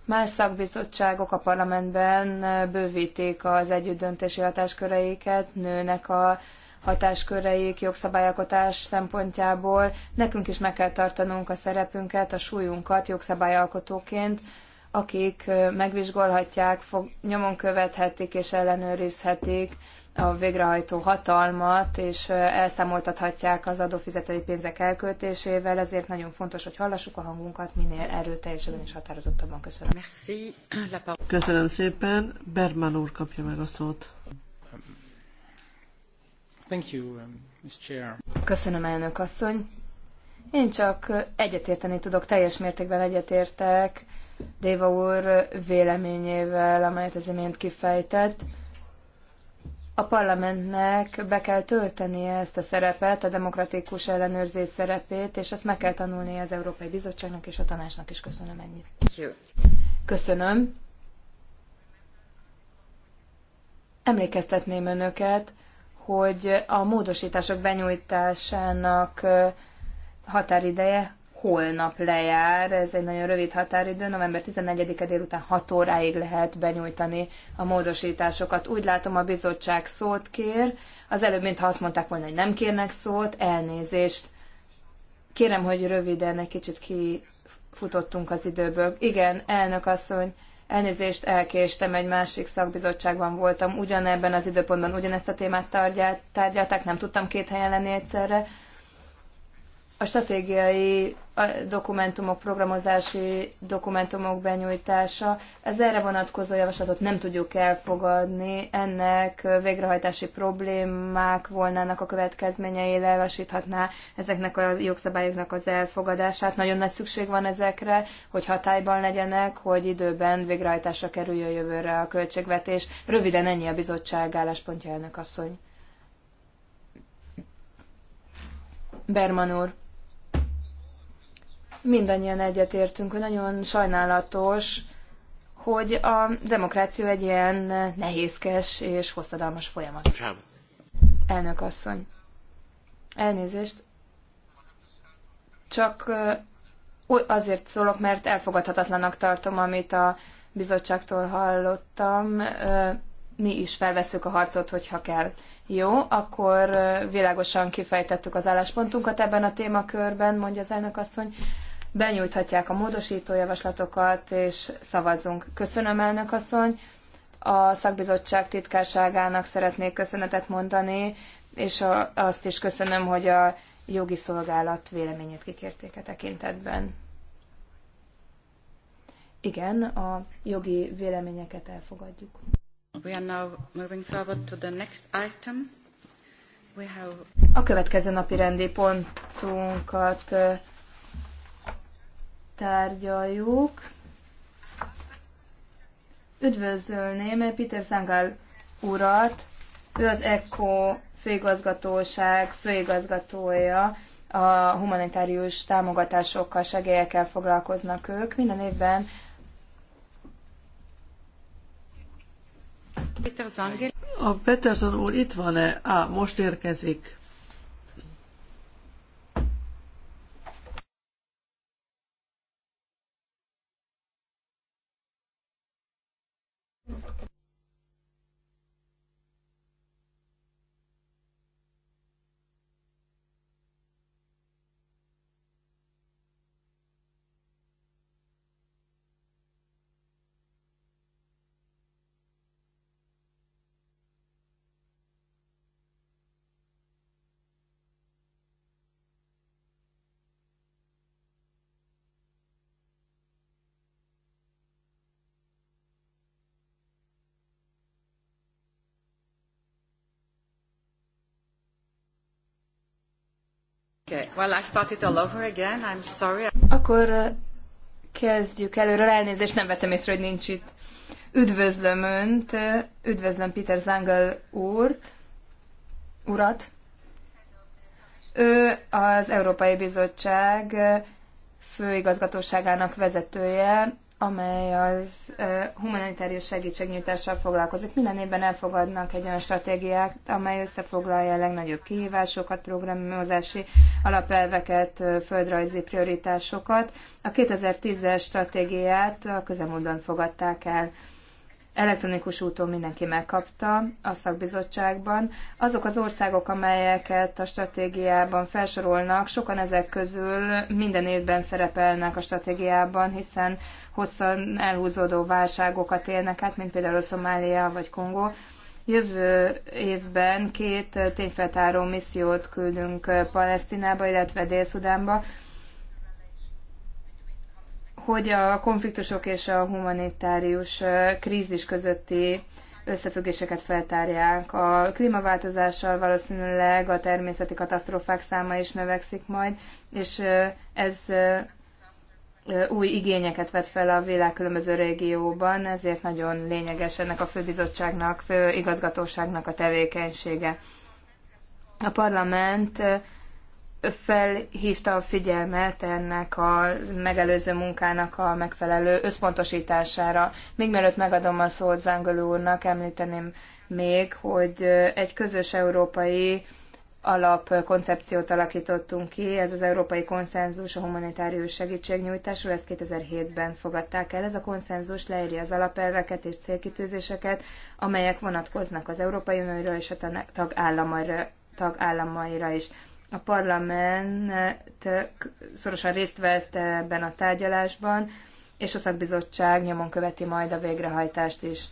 Más szakbizottságok a parlamentben bővítik az együttdöntési hatásköreiket, nőnek a hatásköreik jogszabályalkotás szempontjából. Nekünk is meg kell tartanunk a szerepünket, a súlyunkat jogszabályalkotóként, akik megvizsgolhatják, fog, nyomon követhetik és ellenőrizhetik a végrehajtó hatalmat, és elszámoltathatják az adófizetői pénzek elköltésével, ezért nagyon fontos, hogy hallassuk a hangunkat minél erőteljesebben és határozottabban. Köszönöm. Köszönöm szépen. Berman úr kapja meg a szót. Um, Köszönöm, elnök asszony. Én csak egyetérteni tudok, teljes mértékben egyetértek Déva úr véleményével, amelyet az imént kifejtett. A parlamentnek be kell töltenie ezt a szerepet, a demokratikus ellenőrzés szerepét, és ezt meg kell tanulni az Európai Bizottságnak és a tanácsnak is. Köszönöm ennyit. Köszönöm. Emlékeztetném önöket, hogy a módosítások benyújtásának határideje holnap lejár, ez egy nagyon rövid határidő, november 14-e délután 6 óráig lehet benyújtani a módosításokat. Úgy látom, a bizottság szót kér, az előbb, mintha azt mondták volna, hogy nem kérnek szót, elnézést. Kérem, hogy röviden, egy kicsit kifutottunk az időből. Igen, elnök asszony, Elnézést elkéstem, egy másik szakbizottságban voltam, ugyanebben az időpontban ugyanezt a témát tárgyalták, nem tudtam két helyen lenni egyszerre a stratégiai dokumentumok, programozási dokumentumok benyújtása, ez erre vonatkozó javaslatot nem tudjuk elfogadni, ennek végrehajtási problémák volnának a következményei, lelassíthatná ezeknek a jogszabályoknak az elfogadását. Nagyon nagy szükség van ezekre, hogy hatályban legyenek, hogy időben végrehajtásra kerüljön jövőre a költségvetés. Röviden ennyi a bizottság álláspontja elnök asszony. Berman úr mindannyian egyetértünk, hogy nagyon sajnálatos, hogy a demokrácia egy ilyen nehézkes és hosszadalmas folyamat. Sem. Elnök asszony. Elnézést. Csak azért szólok, mert elfogadhatatlanak tartom, amit a bizottságtól hallottam. Mi is felveszünk a harcot, hogyha kell. Jó, akkor világosan kifejtettük az álláspontunkat ebben a témakörben, mondja az elnök asszony benyújthatják a módosító javaslatokat, és szavazzunk. Köszönöm, elnök asszony! A szakbizottság titkárságának szeretnék köszönetet mondani, és a, azt is köszönöm, hogy a jogi szolgálat véleményét kikérték a e tekintetben. Igen, a jogi véleményeket elfogadjuk. We are now moving forward to the next item. We have... A következő napi rendi pontunkat tárgyaljuk. Üdvözölném Peter Sangal urat, ő az ECO főigazgatóság főigazgatója, a humanitárius támogatásokkal, segélyekkel foglalkoznak ők. Minden évben A Peterson úr itt van-e? Á, most érkezik. Okay. Well, I started all over again. I'm sorry. Akkor uh, kezdjük előről. Elnézést, nem vettem észre, hogy nincs itt. Üdvözlöm Önt, uh, üdvözlöm Peter Zangel úrt, urat. Ő az Európai Bizottság uh, főigazgatóságának vezetője, amely az humanitárius segítségnyújtással foglalkozik. Minden évben elfogadnak egy olyan stratégiát, amely összefoglalja a legnagyobb kihívásokat, programozási alapelveket, földrajzi prioritásokat. A 2010-es stratégiát a közelmúltban fogadták el elektronikus úton mindenki megkapta a szakbizottságban. Azok az országok, amelyeket a stratégiában felsorolnak, sokan ezek közül minden évben szerepelnek a stratégiában, hiszen hosszan elhúzódó válságokat élnek át, mint például Szomália vagy Kongó. Jövő évben két tényfeltáró missziót küldünk Palesztinába, illetve Dél-Szudánba, hogy a konfliktusok és a humanitárius krízis közötti összefüggéseket feltárják. A klímaváltozással valószínűleg a természeti katasztrófák száma is növekszik majd, és ez új igényeket vet fel a világ különböző régióban, ezért nagyon lényeges ennek a főbizottságnak, főigazgatóságnak a tevékenysége. A parlament felhívta a figyelmet ennek a megelőző munkának a megfelelő összpontosítására. Még mielőtt megadom a szót Zangoló úrnak, említeném még, hogy egy közös európai alapkoncepciót alakítottunk ki, ez az Európai Konszenzus a humanitárius segítségnyújtásról, ezt 2007-ben fogadták el. Ez a konszenzus leírja az alapelveket és célkitűzéseket, amelyek vonatkoznak az Európai Unióra és a tagállamaira, tagállamaira is a parlament eh, szorosan részt vett ebben a tárgyalásban, és a szakbizottság nyomon követi majd a végrehajtást is.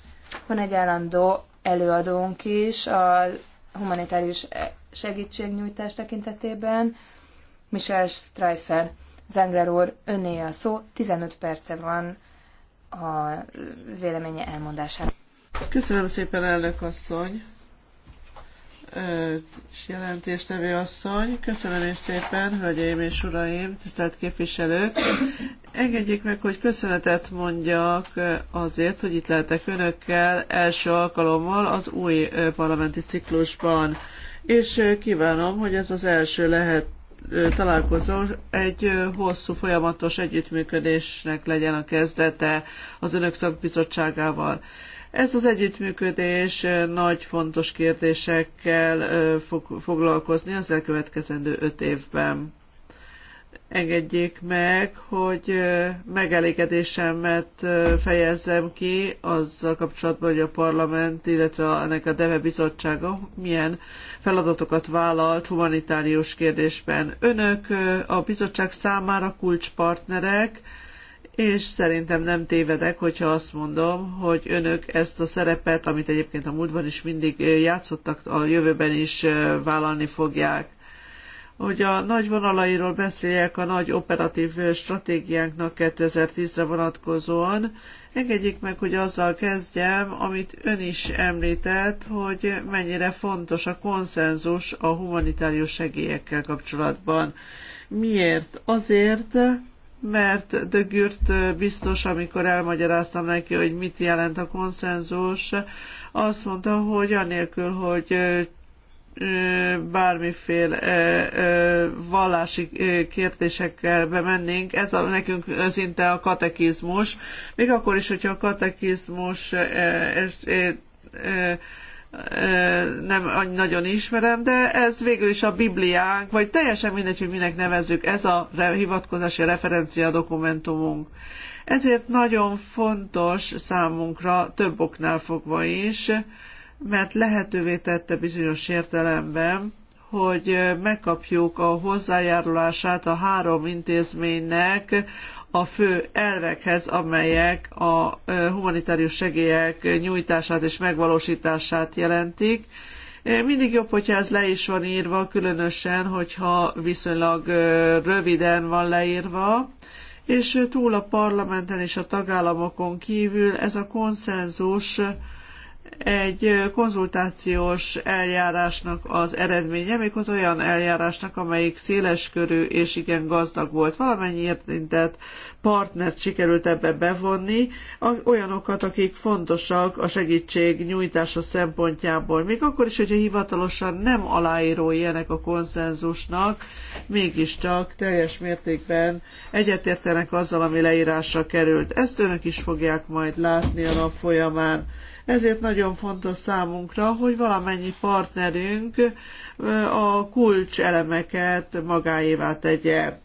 Van egy állandó előadónk is a humanitárius segítségnyújtás tekintetében, Michel Streifer. Zengler úr, öné a szó, 15 perce van a véleménye elmondására. Köszönöm szépen, elnök asszony! és jelentéstevő asszony. Köszönöm is szépen, hölgyeim és uraim, tisztelt képviselők. Engedjék meg, hogy köszönetet mondjak azért, hogy itt lehetek önökkel első alkalommal az új parlamenti ciklusban. És kívánom, hogy ez az első lehet találkozó egy hosszú folyamatos együttműködésnek legyen a kezdete az önök szakbizottságával. Ez az együttműködés nagy fontos kérdésekkel fog foglalkozni az elkövetkezendő öt évben. Engedjék meg, hogy megelégedésemet fejezzem ki azzal kapcsolatban, hogy a parlament, illetve ennek a DEVE bizottsága milyen feladatokat vállalt humanitárius kérdésben. Önök a bizottság számára kulcspartnerek, és szerintem nem tévedek, hogyha azt mondom, hogy önök ezt a szerepet, amit egyébként a múltban is mindig játszottak, a jövőben is vállalni fogják. Hogy a nagy vonalairól beszéljek a nagy operatív stratégiánknak 2010-re vonatkozóan, engedjék meg, hogy azzal kezdjem, amit ön is említett, hogy mennyire fontos a konszenzus a humanitárius segélyekkel kapcsolatban. Miért? Azért, mert de Gürt biztos, amikor elmagyaráztam neki, hogy mit jelent a konszenzus, azt mondta, hogy anélkül, hogy bármiféle vallási kérdésekkel bemennénk, ez a, nekünk szinte a katekizmus, még akkor is, hogyha a katekizmus nem nagyon ismerem, de ez végül is a Bibliánk, vagy teljesen mindegy, hogy minek nevezzük, ez a hivatkozási referencia dokumentumunk. Ezért nagyon fontos számunkra, több oknál fogva is, mert lehetővé tette bizonyos értelemben, hogy megkapjuk a hozzájárulását a három intézménynek a fő elvekhez, amelyek a humanitárius segélyek nyújtását és megvalósítását jelentik. Mindig jobb, hogyha ez le is van írva, különösen, hogyha viszonylag röviden van leírva, és túl a parlamenten és a tagállamokon kívül ez a konszenzus egy konzultációs eljárásnak az eredménye, méghozzá olyan eljárásnak, amelyik széleskörű és igen gazdag volt. Valamennyi érintett partnert sikerült ebbe bevonni, olyanokat, akik fontosak a segítség nyújtása szempontjából. Még akkor is, hogyha hivatalosan nem aláírói ennek a konszenzusnak, mégiscsak teljes mértékben egyetértenek azzal, ami leírásra került. Ezt önök is fogják majd látni a nap folyamán ezért nagyon fontos számunkra, hogy valamennyi partnerünk a kulcselemeket magáévá tegye.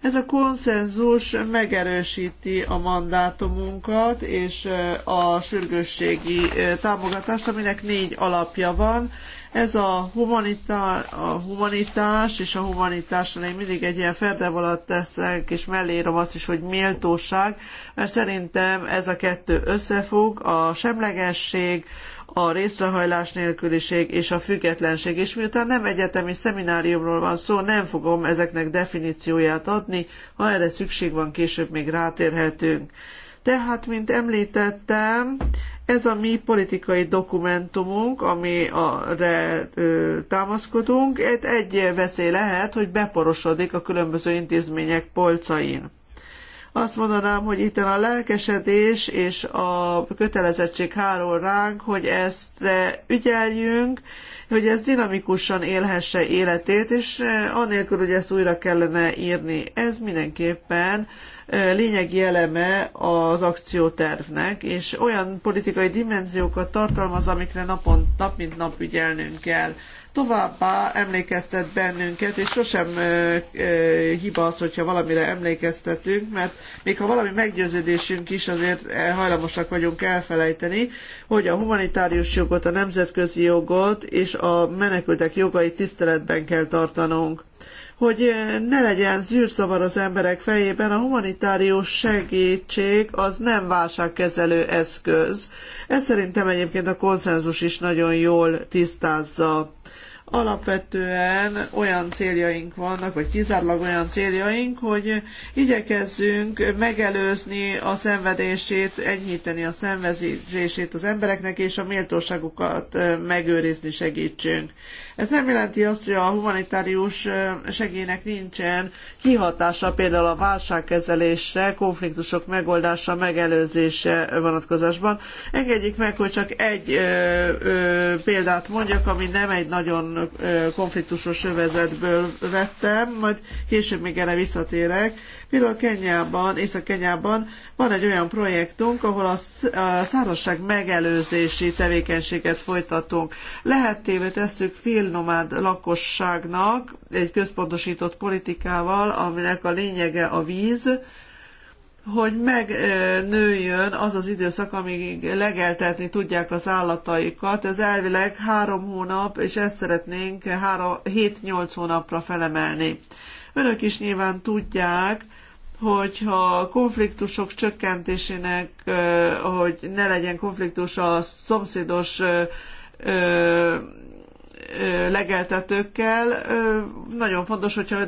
Ez a konszenzus megerősíti a mandátumunkat és a sürgősségi támogatást, aminek négy alapja van. Ez a, humanitár, a humanitás és a humanitásra én mindig egy ilyen alatt teszek, és mellérom azt is, hogy méltóság, mert szerintem ez a kettő összefog, a semlegesség, a részrehajlás nélküliség és a függetlenség. És miután nem egyetemi szemináriumról van szó, nem fogom ezeknek definícióját adni, ha erre szükség van, később még rátérhetünk. Tehát, mint említettem, ez a mi politikai dokumentumunk, amire ö, támaszkodunk, egy, egy veszély lehet, hogy beporosodik a különböző intézmények polcain. Azt mondanám, hogy itt a lelkesedés és a kötelezettség hárul ránk, hogy ezt ügyeljünk, hogy ez dinamikusan élhesse életét, és eh, anélkül, hogy ezt újra kellene írni. Ez mindenképpen lényegi eleme az akciótervnek, és olyan politikai dimenziókat tartalmaz, amikre napon, nap mint nap ügyelnünk kell. Továbbá emlékeztet bennünket, és sosem ö, ö, hiba az, hogyha valamire emlékeztetünk, mert még ha valami meggyőződésünk is, azért hajlamosak vagyunk elfelejteni, hogy a humanitárius jogot, a nemzetközi jogot és a menekültek jogait tiszteletben kell tartanunk hogy ne legyen zűrzavar az emberek fejében, a humanitárius segítség az nem válságkezelő eszköz. Ez szerintem egyébként a konszenzus is nagyon jól tisztázza alapvetően olyan céljaink vannak, vagy kizárólag olyan céljaink, hogy igyekezzünk megelőzni a szenvedését, enyhíteni a szenvedését az embereknek, és a méltóságukat megőrizni segítsünk. Ez nem jelenti azt, hogy a humanitárius segélynek nincsen kihatása például a válságkezelésre, konfliktusok megoldása, megelőzése vonatkozásban. Engedjék meg, hogy csak egy ö, ö, példát mondjak, ami nem egy nagyon konfliktusos övezetből vettem, majd később még erre visszatérek. Például Kenyában, Észak-Kenyában van egy olyan projektunk, ahol a szárazság megelőzési tevékenységet folytatunk. Lehetővé tesszük félnomád lakosságnak egy központosított politikával, aminek a lényege a víz, hogy megnőjön az az időszak, amíg legeltetni tudják az állataikat. Ez elvileg három hónap, és ezt szeretnénk 7-8 hónapra felemelni. Önök is nyilván tudják, hogyha konfliktusok csökkentésének, hogy ne legyen konfliktus a szomszédos legeltetőkkel. Nagyon fontos, hogyha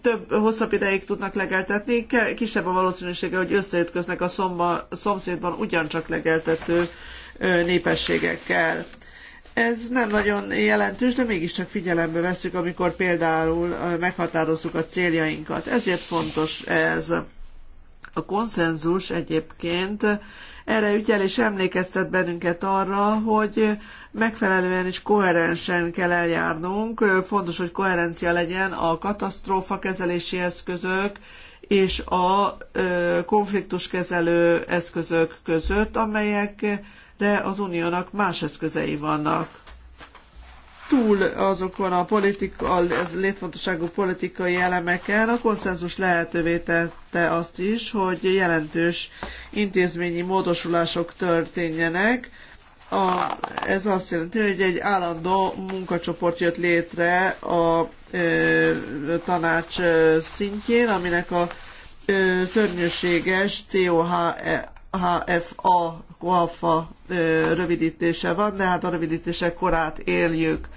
több, hosszabb ideig tudnak legeltetni, kisebb a valószínűsége, hogy összeütköznek a szomba, szomszédban ugyancsak legeltető népességekkel. Ez nem nagyon jelentős, de mégiscsak figyelembe veszük, amikor például meghatározzuk a céljainkat. Ezért fontos ez. A konszenzus egyébként erre ügyel és emlékeztet bennünket arra, hogy megfelelően és koherensen kell eljárnunk. Fontos, hogy koherencia legyen a katasztrófa kezelési eszközök és a konfliktuskezelő eszközök között, amelyekre az uniónak más eszközei vannak túl azokon a, politika, létfontosságú politikai elemeken a konszenzus lehetővé tette azt is, hogy jelentős intézményi módosulások történjenek, a, ez azt jelenti, hogy egy állandó munkacsoport jött létre a e, tanács szintjén, aminek a e, szörnyűséges COHFA e, rövidítése van, de hát a rövidítések korát éljük.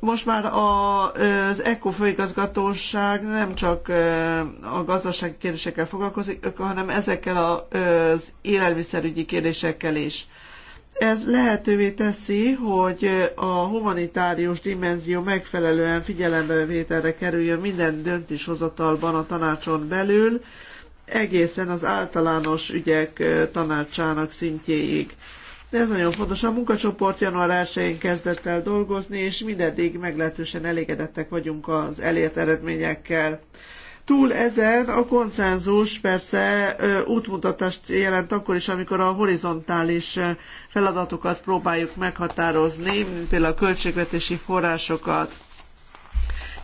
Most már a, az ECO főigazgatóság nem csak a gazdasági kérdésekkel foglalkozik, hanem ezekkel az élelmiszerügyi kérdésekkel is. Ez lehetővé teszi, hogy a humanitárius dimenzió megfelelően figyelembevételre kerüljön minden döntéshozatalban a tanácson belül, egészen az általános ügyek tanácsának szintjéig. De ez nagyon fontos. A munkacsoport január 1-én kezdett el dolgozni, és mindeddig meglehetősen elégedettek vagyunk az elért eredményekkel. Túl ezen a konszenzus persze útmutatást jelent akkor is, amikor a horizontális feladatokat próbáljuk meghatározni, mint például a költségvetési forrásokat.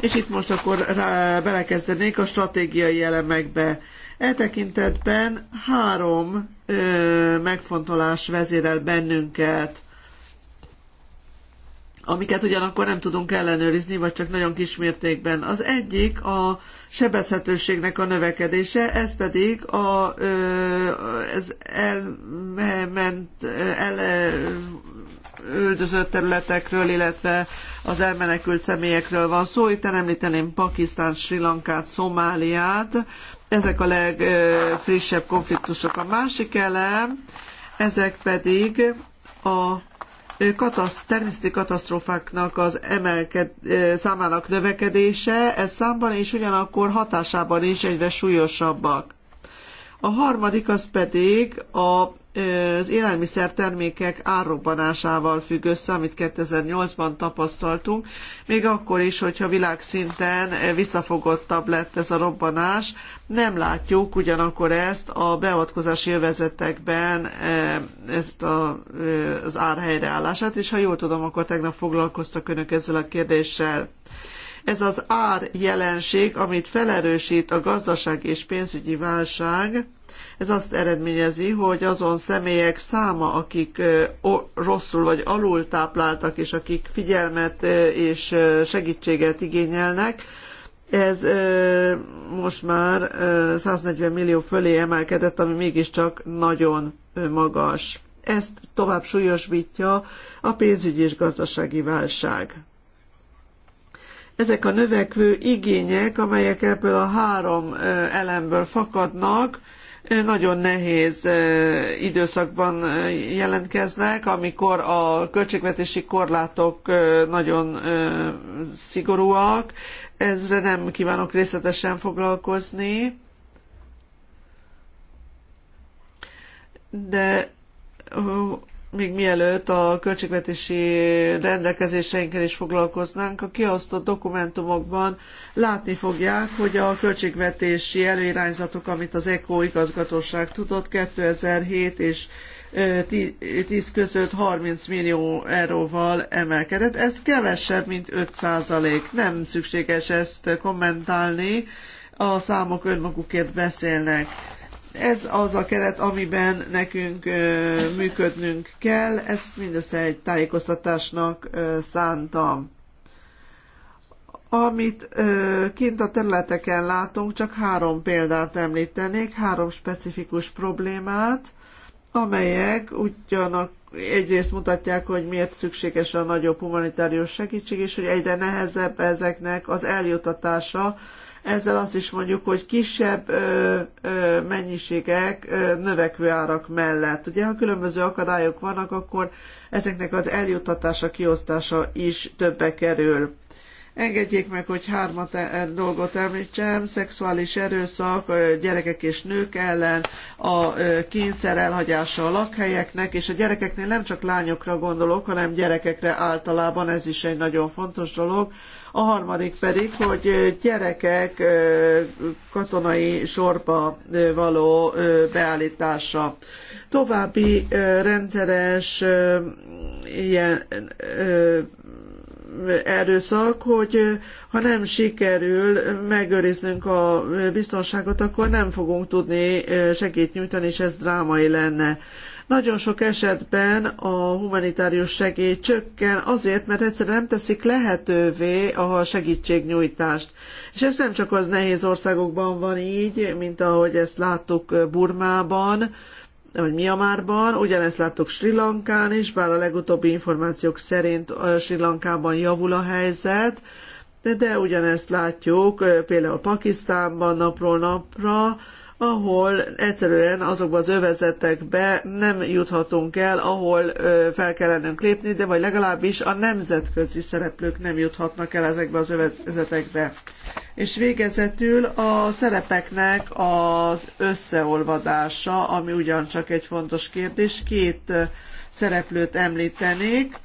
És itt most akkor rá, belekezdenék a stratégiai elemekbe. E tekintetben három ö, megfontolás vezérel bennünket amiket ugyanakkor nem tudunk ellenőrizni, vagy csak nagyon kis mértékben. Az egyik a sebezhetőségnek a növekedése, ez pedig a, ez elment, el, üldözött területekről, illetve az elmenekült személyekről van szó. Itt említeném Pakisztán, Sri Lankát, Szomáliát. Ezek a legfrissebb konfliktusok. A másik elem, ezek pedig a katasz, természeti katasztrófáknak az emelked, számának növekedése, ez számban és ugyanakkor hatásában is egyre súlyosabbak. A harmadik az pedig a az élelmiszer termékek árrobbanásával függ össze, amit 2008-ban tapasztaltunk, még akkor is, hogyha világszinten visszafogottabb lett ez a robbanás, nem látjuk ugyanakkor ezt a beavatkozási övezetekben e, ezt a, e, az ár helyreállását, és ha jól tudom, akkor tegnap foglalkoztak önök ezzel a kérdéssel. Ez az ár jelenség, amit felerősít a gazdaság és pénzügyi válság, ez azt eredményezi, hogy azon személyek száma, akik rosszul vagy alul tápláltak, és akik figyelmet és segítséget igényelnek, ez most már 140 millió fölé emelkedett, ami mégiscsak nagyon magas. Ezt tovább súlyosbítja a pénzügyi és gazdasági válság ezek a növekvő igények, amelyek ebből a három elemből fakadnak, nagyon nehéz időszakban jelentkeznek, amikor a költségvetési korlátok nagyon szigorúak. Ezre nem kívánok részletesen foglalkozni. De még mielőtt a költségvetési rendelkezéseinkkel is foglalkoznánk, a kiosztott dokumentumokban látni fogják, hogy a költségvetési előirányzatok, amit az ECO igazgatóság tudott 2007 és 10 között 30 millió euróval emelkedett. Ez kevesebb, mint 5 százalék. Nem szükséges ezt kommentálni, a számok önmagukért beszélnek ez az a keret, amiben nekünk működnünk kell, ezt mindössze egy tájékoztatásnak szántam. Amit ö, kint a területeken látunk, csak három példát említenék, három specifikus problémát, amelyek ugyanak egyrészt mutatják, hogy miért szükséges a nagyobb humanitárius segítség, és hogy egyre nehezebb ezeknek az eljutatása ezzel azt is mondjuk, hogy kisebb ö, ö, mennyiségek ö, növekvő árak mellett. Ugye, ha különböző akadályok vannak, akkor ezeknek az eljuttatása, kiosztása is többe kerül. Engedjék meg, hogy hármat e, e, dolgot említsem, szexuális erőszak gyerekek és nők ellen, a kényszer elhagyása a lakhelyeknek, és a gyerekeknél nem csak lányokra gondolok, hanem gyerekekre általában, ez is egy nagyon fontos dolog, a harmadik pedig, hogy gyerekek katonai sorba való beállítása. További rendszeres ilyen erőszak, hogy ha nem sikerül megőriznünk a biztonságot, akkor nem fogunk tudni segít nyújtani, és ez drámai lenne. Nagyon sok esetben a humanitárius segély csökken azért, mert egyszerűen nem teszik lehetővé a segítségnyújtást. És ez nem csak az nehéz országokban van így, mint ahogy ezt láttuk Burmában, vagy Miamárban, ugyanezt láttuk Sri Lankán is, bár a legutóbbi információk szerint Sri Lankában javul a helyzet, de, de ugyanezt látjuk például Pakisztánban napról napra, ahol egyszerűen azokba az övezetekbe nem juthatunk el, ahol fel kellenünk lépni, de vagy legalábbis a nemzetközi szereplők nem juthatnak el ezekbe az övezetekbe. És végezetül a szerepeknek az összeolvadása, ami ugyancsak egy fontos kérdés, két szereplőt említenék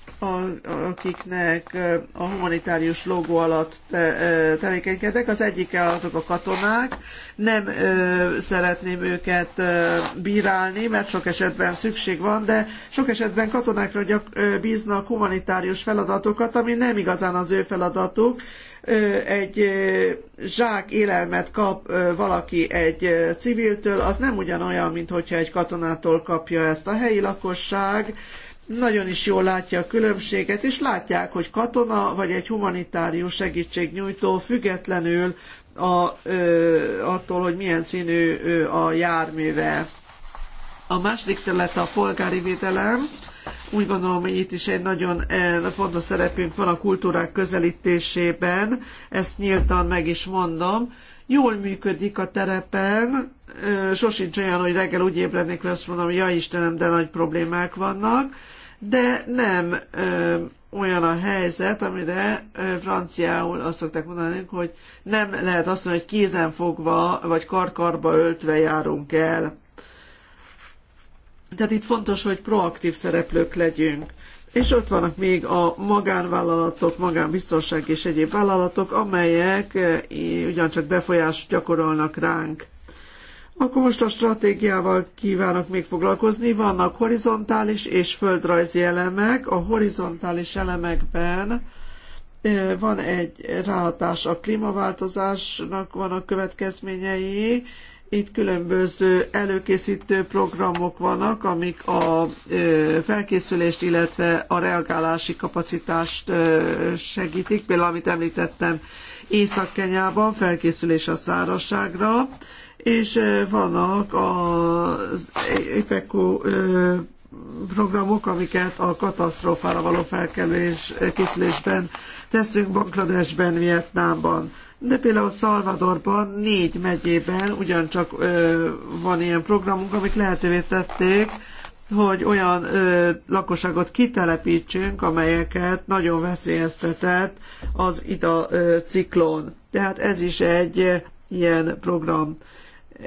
akiknek a humanitárius logó alatt te, tevékenykednek. Az egyike azok a katonák. Nem ö, szeretném őket ö, bírálni, mert sok esetben szükség van, de sok esetben katonákra gyak, ö, bíznak humanitárius feladatokat, ami nem igazán az ő feladatuk. Ö, egy ö, zsák élelmet kap ö, valaki egy ö, civiltől, az nem ugyanolyan, mint hogyha egy katonától kapja ezt a helyi lakosság. Ö, nagyon is jól látja a különbséget, és látják, hogy katona vagy egy humanitárius segítségnyújtó függetlenül a, ö, attól, hogy milyen színű ö, a járműve. A második terület a polgári védelem. Úgy gondolom, hogy itt is egy nagyon eh, fontos szerepünk van a kultúrák közelítésében, ezt nyíltan meg is mondom. Jól működik a terepen, eh, sosincs olyan, hogy reggel úgy ébrednék, hogy azt mondom, hogy ja Istenem, de nagy problémák vannak, de nem eh, olyan a helyzet, amire franciául azt szokták mondani, hogy nem lehet azt mondani, hogy kézenfogva vagy karkarba öltve járunk el. Tehát itt fontos, hogy proaktív szereplők legyünk. És ott vannak még a magánvállalatok, magánbiztonság és egyéb vállalatok, amelyek eh, ugyancsak befolyást gyakorolnak ránk. Akkor most a stratégiával kívánok még foglalkozni. Vannak horizontális és földrajzi elemek. A horizontális elemekben eh, van egy ráhatás a klímaváltozásnak, vannak következményei, itt különböző előkészítő programok vannak, amik a felkészülést, illetve a reagálási kapacitást segítik. Például, amit említettem, Észak-Kenyában felkészülés a szárazságra, és vannak az EPECO programok, amiket a katasztrófára való felkészülésben, teszünk Bangladesben, Vietnámban de például Szalvadorban négy megyében ugyancsak ö, van ilyen programunk, amik lehetővé tették, hogy olyan ö, lakosságot kitelepítsünk, amelyeket nagyon veszélyeztetett az ida ö, ciklon. Tehát ez is egy ilyen program.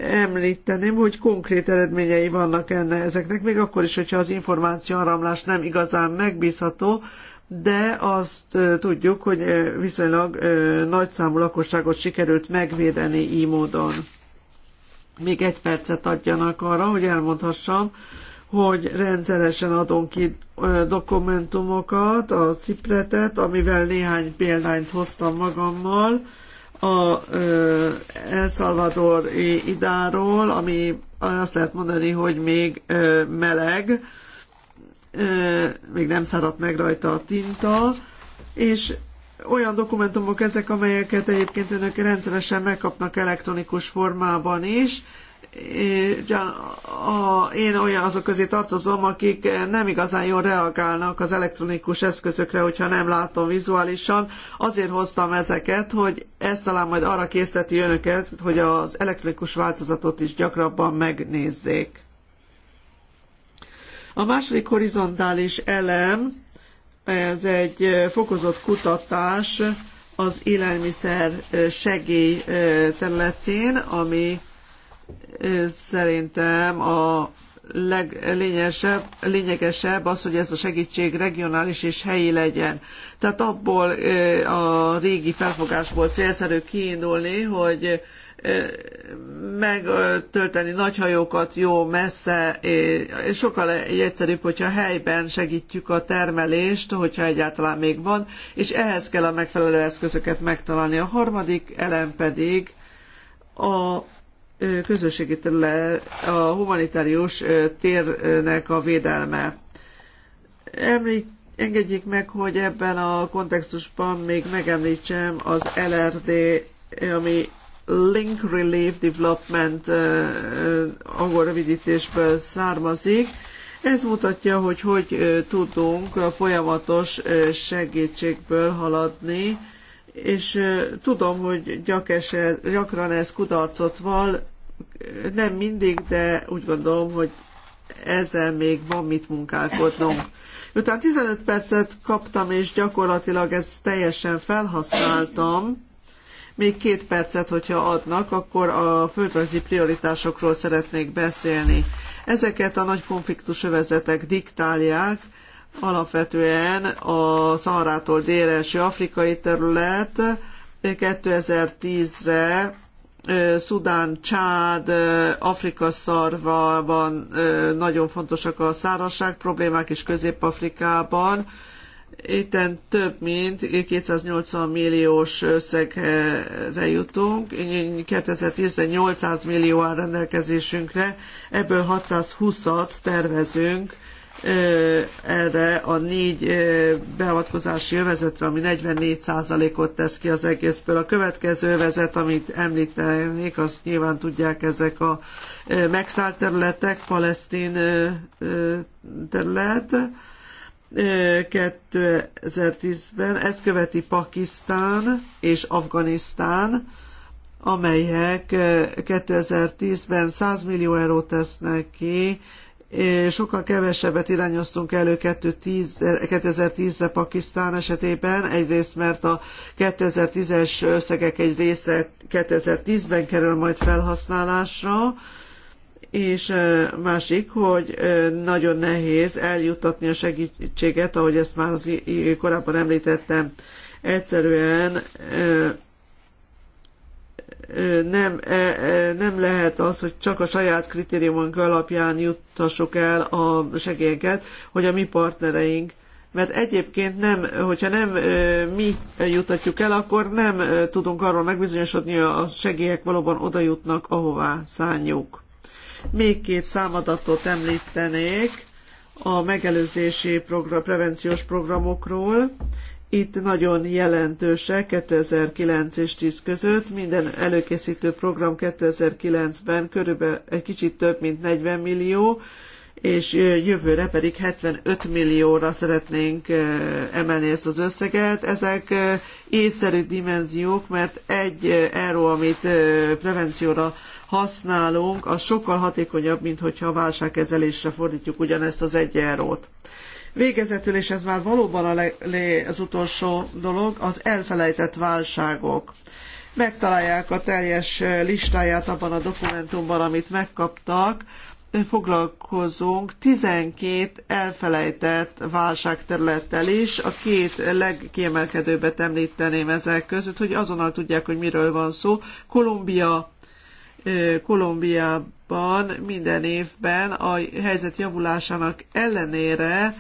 Említeném, hogy konkrét eredményei vannak enne ezeknek, még akkor is, hogyha az információáramlás nem igazán megbízható, de azt tudjuk, hogy viszonylag nagyszámú lakosságot sikerült megvédeni így módon. Még egy percet adjanak arra, hogy elmondhassam, hogy rendszeresen adunk ki dokumentumokat, a cipretet, amivel néhány példányt hoztam magammal, a El Salvador idáról, ami azt lehet mondani, hogy még meleg, még nem száradt meg rajta a tinta, és olyan dokumentumok ezek, amelyeket egyébként önök rendszeresen megkapnak elektronikus formában is. Én olyan azok közé tartozom, akik nem igazán jól reagálnak az elektronikus eszközökre, hogyha nem látom vizuálisan. Azért hoztam ezeket, hogy ez talán majd arra készteti önöket, hogy az elektronikus változatot is gyakrabban megnézzék. A második horizontális elem, ez egy fokozott kutatás az élelmiszer segély területén, ami szerintem a leglényesebb, lényegesebb az, hogy ez a segítség regionális és helyi legyen. Tehát abból a régi felfogásból célszerű kiindulni, hogy megtölteni nagy hajókat jó messze, és sokkal egyszerűbb, hogyha helyben segítjük a termelést, hogyha egyáltalán még van, és ehhez kell a megfelelő eszközöket megtalálni. A harmadik elem pedig a közösségi terület, a humanitárius térnek a védelme. Említ, engedjék meg, hogy ebben a kontextusban még megemlítsem az LRD, ami Link Relief Development angol rövidítésből származik. Ez mutatja, hogy hogy tudunk folyamatos segítségből haladni, és tudom, hogy gyakese, gyakran ez kudarcot val, nem mindig, de úgy gondolom, hogy ezzel még van mit munkálkodnunk. Utána 15 percet kaptam, és gyakorlatilag ezt teljesen felhasználtam. Még két percet, hogyha adnak, akkor a földrajzi prioritásokról szeretnék beszélni. Ezeket a nagy konfliktusövezetek diktálják, alapvetően a Szaharától déleső afrikai terület 2010-re Szudán, Csád, Afrika szarvában nagyon fontosak a szárazság problémák, és Közép-Afrikában Itten több mint 280 milliós összegre jutunk, 2010-re 800 millió áll rendelkezésünkre, ebből 620-at tervezünk erre a négy beavatkozási övezetre, ami 44%-ot tesz ki az egészből. A következő övezet, amit említenék, azt nyilván tudják ezek a megszállt területek, palesztin terület, 2010-ben, ezt követi Pakisztán és Afganisztán, amelyek 2010-ben 100 millió eurót tesznek ki, sokkal kevesebbet irányoztunk elő 2010-re Pakisztán esetében, egyrészt mert a 2010-es összegek egy része 2010-ben kerül majd felhasználásra, és másik, hogy nagyon nehéz eljutatni a segítséget, ahogy ezt már az korábban említettem. Egyszerűen nem, e, e, nem lehet az, hogy csak a saját kritériumunk alapján juttassuk el a segélyeket, hogy a mi partnereink mert egyébként nem, hogyha nem mi jutatjuk el, akkor nem tudunk arról megbizonyosodni, hogy a segélyek valóban oda jutnak, ahová szálljuk. Még két számadatot említenék a megelőzési program, prevenciós programokról. Itt nagyon jelentősek 2009 és 10 között. Minden előkészítő program 2009-ben körülbelül egy kicsit több mint 40 millió, és jövőre pedig 75 millióra szeretnénk emelni ezt az összeget. Ezek észszerű dimenziók, mert egy euró, amit prevencióra használunk, az sokkal hatékonyabb, mint hogyha a válságkezelésre fordítjuk ugyanezt az egy eurót. Végezetül, és ez már valóban a le- az utolsó dolog, az elfelejtett válságok. Megtalálják a teljes listáját abban a dokumentumban, amit megkaptak foglalkozunk 12 elfelejtett válságterülettel is. A két legkiemelkedőbbet említeném ezek között, hogy azonnal tudják, hogy miről van szó. Kolumbia, Kolumbiában minden évben a helyzet javulásának ellenére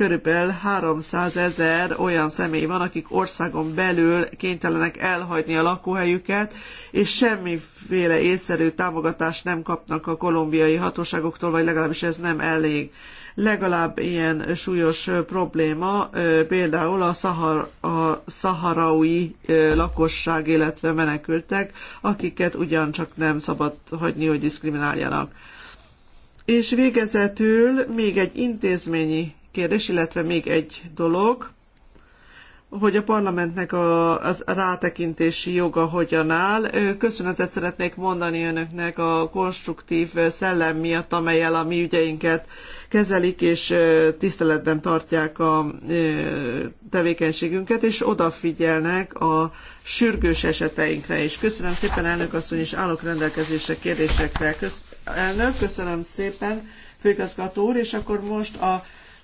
körülbelül 300 ezer olyan személy van, akik országon belül kénytelenek elhagyni a lakóhelyüket, és semmiféle észszerű támogatást nem kapnak a kolumbiai hatóságoktól, vagy legalábbis ez nem elég. Legalább ilyen súlyos probléma például a, szahar, a szaharaui lakosság, illetve menekültek, akiket ugyancsak nem szabad hagyni, hogy diszkrimináljanak. És végezetül még egy intézményi kérdés, illetve még egy dolog, hogy a parlamentnek a, az rátekintési joga hogyan áll. Köszönetet szeretnék mondani önöknek a konstruktív szellem miatt, amelyel a mi ügyeinket kezelik és tiszteletben tartják a tevékenységünket, és odafigyelnek a sürgős eseteinkre is. Köszönöm szépen, elnök asszony, és állok rendelkezésre kérdésekre. Kösz, elnök, köszönöm szépen, főigazgató úr, és akkor most a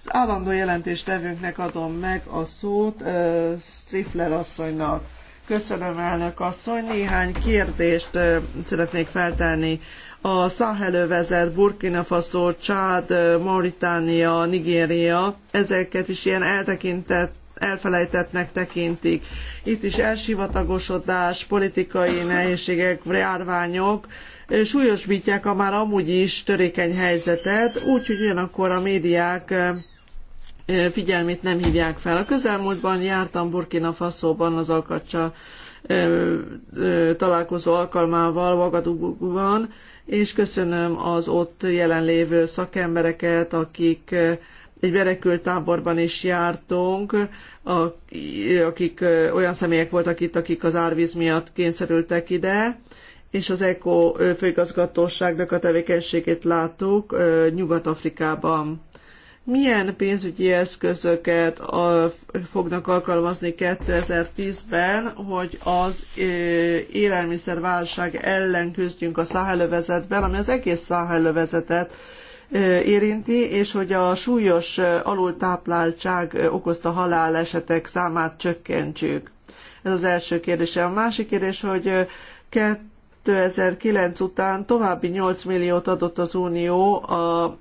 állandó jelentéstevőnknek adom meg a szót uh, Strifler asszonynak. Köszönöm, elnök asszony. Néhány kérdést uh, szeretnék feltenni. A Szahelövezet, Burkina Faso, Csád, Mauritánia, Nigéria, ezeket is ilyen eltekintett elfelejtettnek tekintik. Itt is elsivatagosodás, politikai nehézségek, járványok súlyosbítják a már amúgy is törékeny helyzetet, úgyhogy ugyanakkor a médiák figyelmét nem hívják fel. A közelmúltban jártam Burkina Faszóban az Alkacsa találkozó alkalmával Vagadugban, és köszönöm az ott jelenlévő szakembereket, akik egy berekült táborban is jártunk, akik olyan személyek voltak itt, akik az árvíz miatt kényszerültek ide, és az ECO főigazgatóságnak a tevékenységét láttuk Nyugat-Afrikában milyen pénzügyi eszközöket fognak alkalmazni 2010-ben, hogy az élelmiszerválság ellen küzdjünk a száhelövezetben, ami az egész száhelövezetet érinti, és hogy a súlyos alultápláltság okozta halálesetek számát csökkentsük. Ez az első kérdés. A másik kérdés, hogy 2009 után további 8 milliót adott az Unió a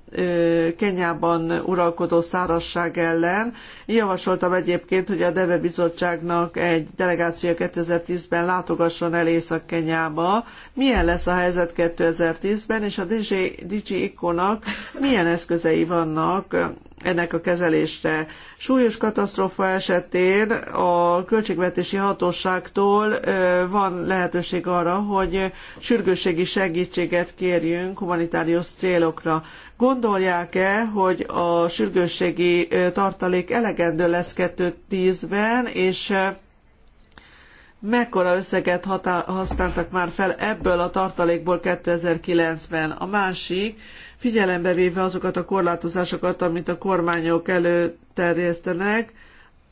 Kenyában uralkodó szárazság ellen. Javasoltam egyébként, hogy a Deve Bizottságnak egy delegáció 2010-ben látogasson el Észak-Kenyába. Milyen lesz a helyzet 2010-ben, és a DG, DG Ikonak milyen eszközei vannak ennek a kezelésre. Súlyos katasztrófa esetén a költségvetési hatóságtól van lehetőség arra, hogy sürgősségi segítséget kérjünk humanitárius célokra. Gondolják-e, hogy a sürgősségi tartalék elegendő lesz 2010-ben, és mekkora összeget használtak már fel ebből a tartalékból 2009-ben. A másik, figyelembe véve azokat a korlátozásokat, amit a kormányok előterjesztenek,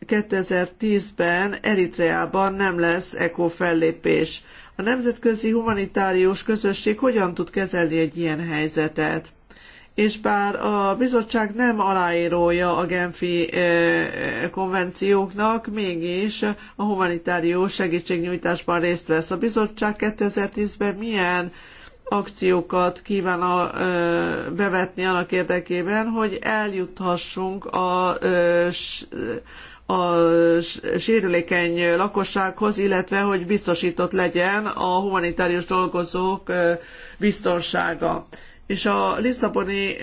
2010-ben Eritreában nem lesz ECO fellépés. A nemzetközi humanitárius közösség hogyan tud kezelni egy ilyen helyzetet? És bár a bizottság nem aláírója a Genfi eh, eh, konvencióknak, mégis a humanitárius segítségnyújtásban részt vesz. A bizottság 2010-ben milyen akciókat kíván a, ö, bevetni annak érdekében, hogy eljuthassunk a, ö, a sérülékeny lakossághoz, illetve hogy biztosított legyen a humanitárius dolgozók biztonsága és a Lisszaboni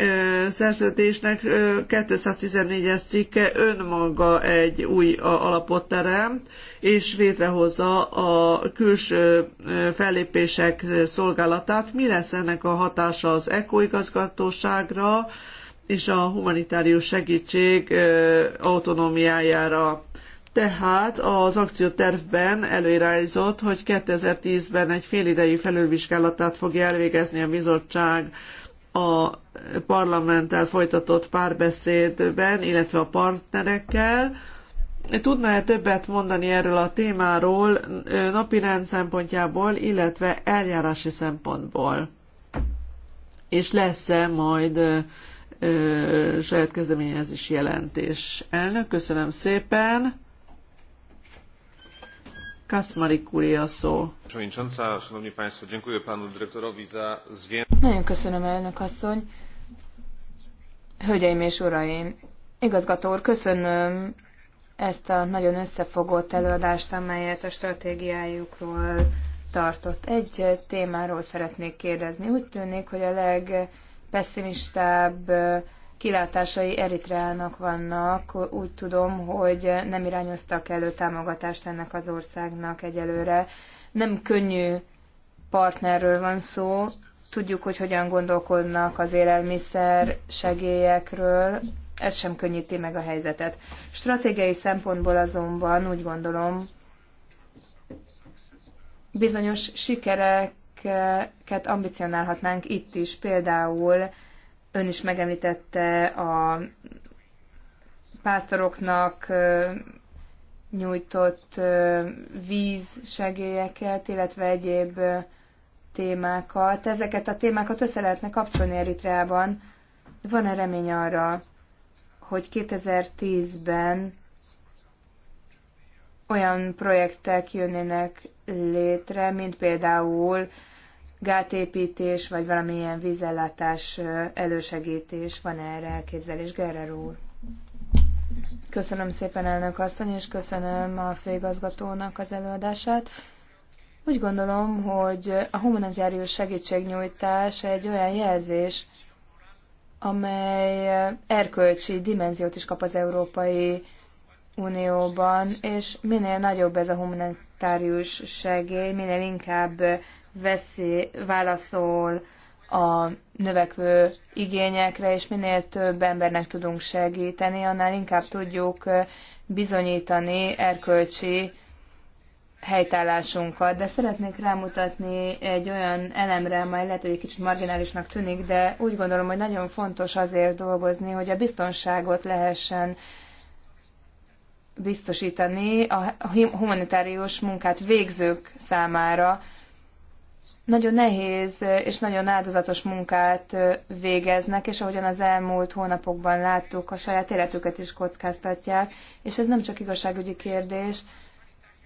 szerződésnek 214-es cikke önmaga egy új alapot teremt, és létrehozza a külső fellépések szolgálatát. Mi lesz ennek a hatása az ECO igazgatóságra és a humanitárius segítség autonómiájára? Tehát az akciótervben előirányzott, hogy 2010-ben egy félidejű felülvizsgálatát fogja elvégezni a bizottság a parlamenttel folytatott párbeszédben, illetve a partnerekkel. tudna e többet mondani erről a témáról napirend szempontjából, illetve eljárási szempontból? És lesz-e majd ö, saját kezdeményezés jelentés? Elnök, köszönöm szépen! Kaszmari Kuri a szó. Nagyon köszönöm, elnök asszony. Hölgyeim és uraim, igazgató úr, köszönöm ezt a nagyon összefogott előadást, amelyet a stratégiájukról tartott. Egy témáról szeretnék kérdezni. Úgy tűnik, hogy a legpesszimistább kilátásai Eritreának vannak. Úgy tudom, hogy nem irányoztak elő támogatást ennek az országnak egyelőre. Nem könnyű partnerről van szó. Tudjuk, hogy hogyan gondolkodnak az élelmiszer segélyekről. Ez sem könnyíti meg a helyzetet. Stratégiai szempontból azonban úgy gondolom, bizonyos sikereket ambicionálhatnánk itt is, például Ön is megemlítette a pásztoroknak nyújtott segélyeket, illetve egyéb témákat. Ezeket a témákat össze lehetne kapcsolni Eritreában. Van-e remény arra, hogy 2010-ben olyan projektek jönnének létre, mint például gátépítés, vagy valamilyen vízellátás elősegítés. Van -e erre elképzelés, Gerrer úr? Köszönöm szépen elnök asszony, és köszönöm a főigazgatónak az előadását. Úgy gondolom, hogy a humanitárius segítségnyújtás egy olyan jelzés, amely erkölcsi dimenziót is kap az Európai Unióban, és minél nagyobb ez a humanitárius segély, minél inkább veszi, válaszol a növekvő igényekre, és minél több embernek tudunk segíteni, annál inkább tudjuk bizonyítani erkölcsi helytállásunkat. De szeretnék rámutatni egy olyan elemre, amely lehet, hogy egy kicsit marginálisnak tűnik, de úgy gondolom, hogy nagyon fontos azért dolgozni, hogy a biztonságot lehessen biztosítani a humanitárius munkát végzők számára, nagyon nehéz és nagyon áldozatos munkát végeznek, és ahogyan az elmúlt hónapokban láttuk, a saját életüket is kockáztatják, és ez nem csak igazságügyi kérdés,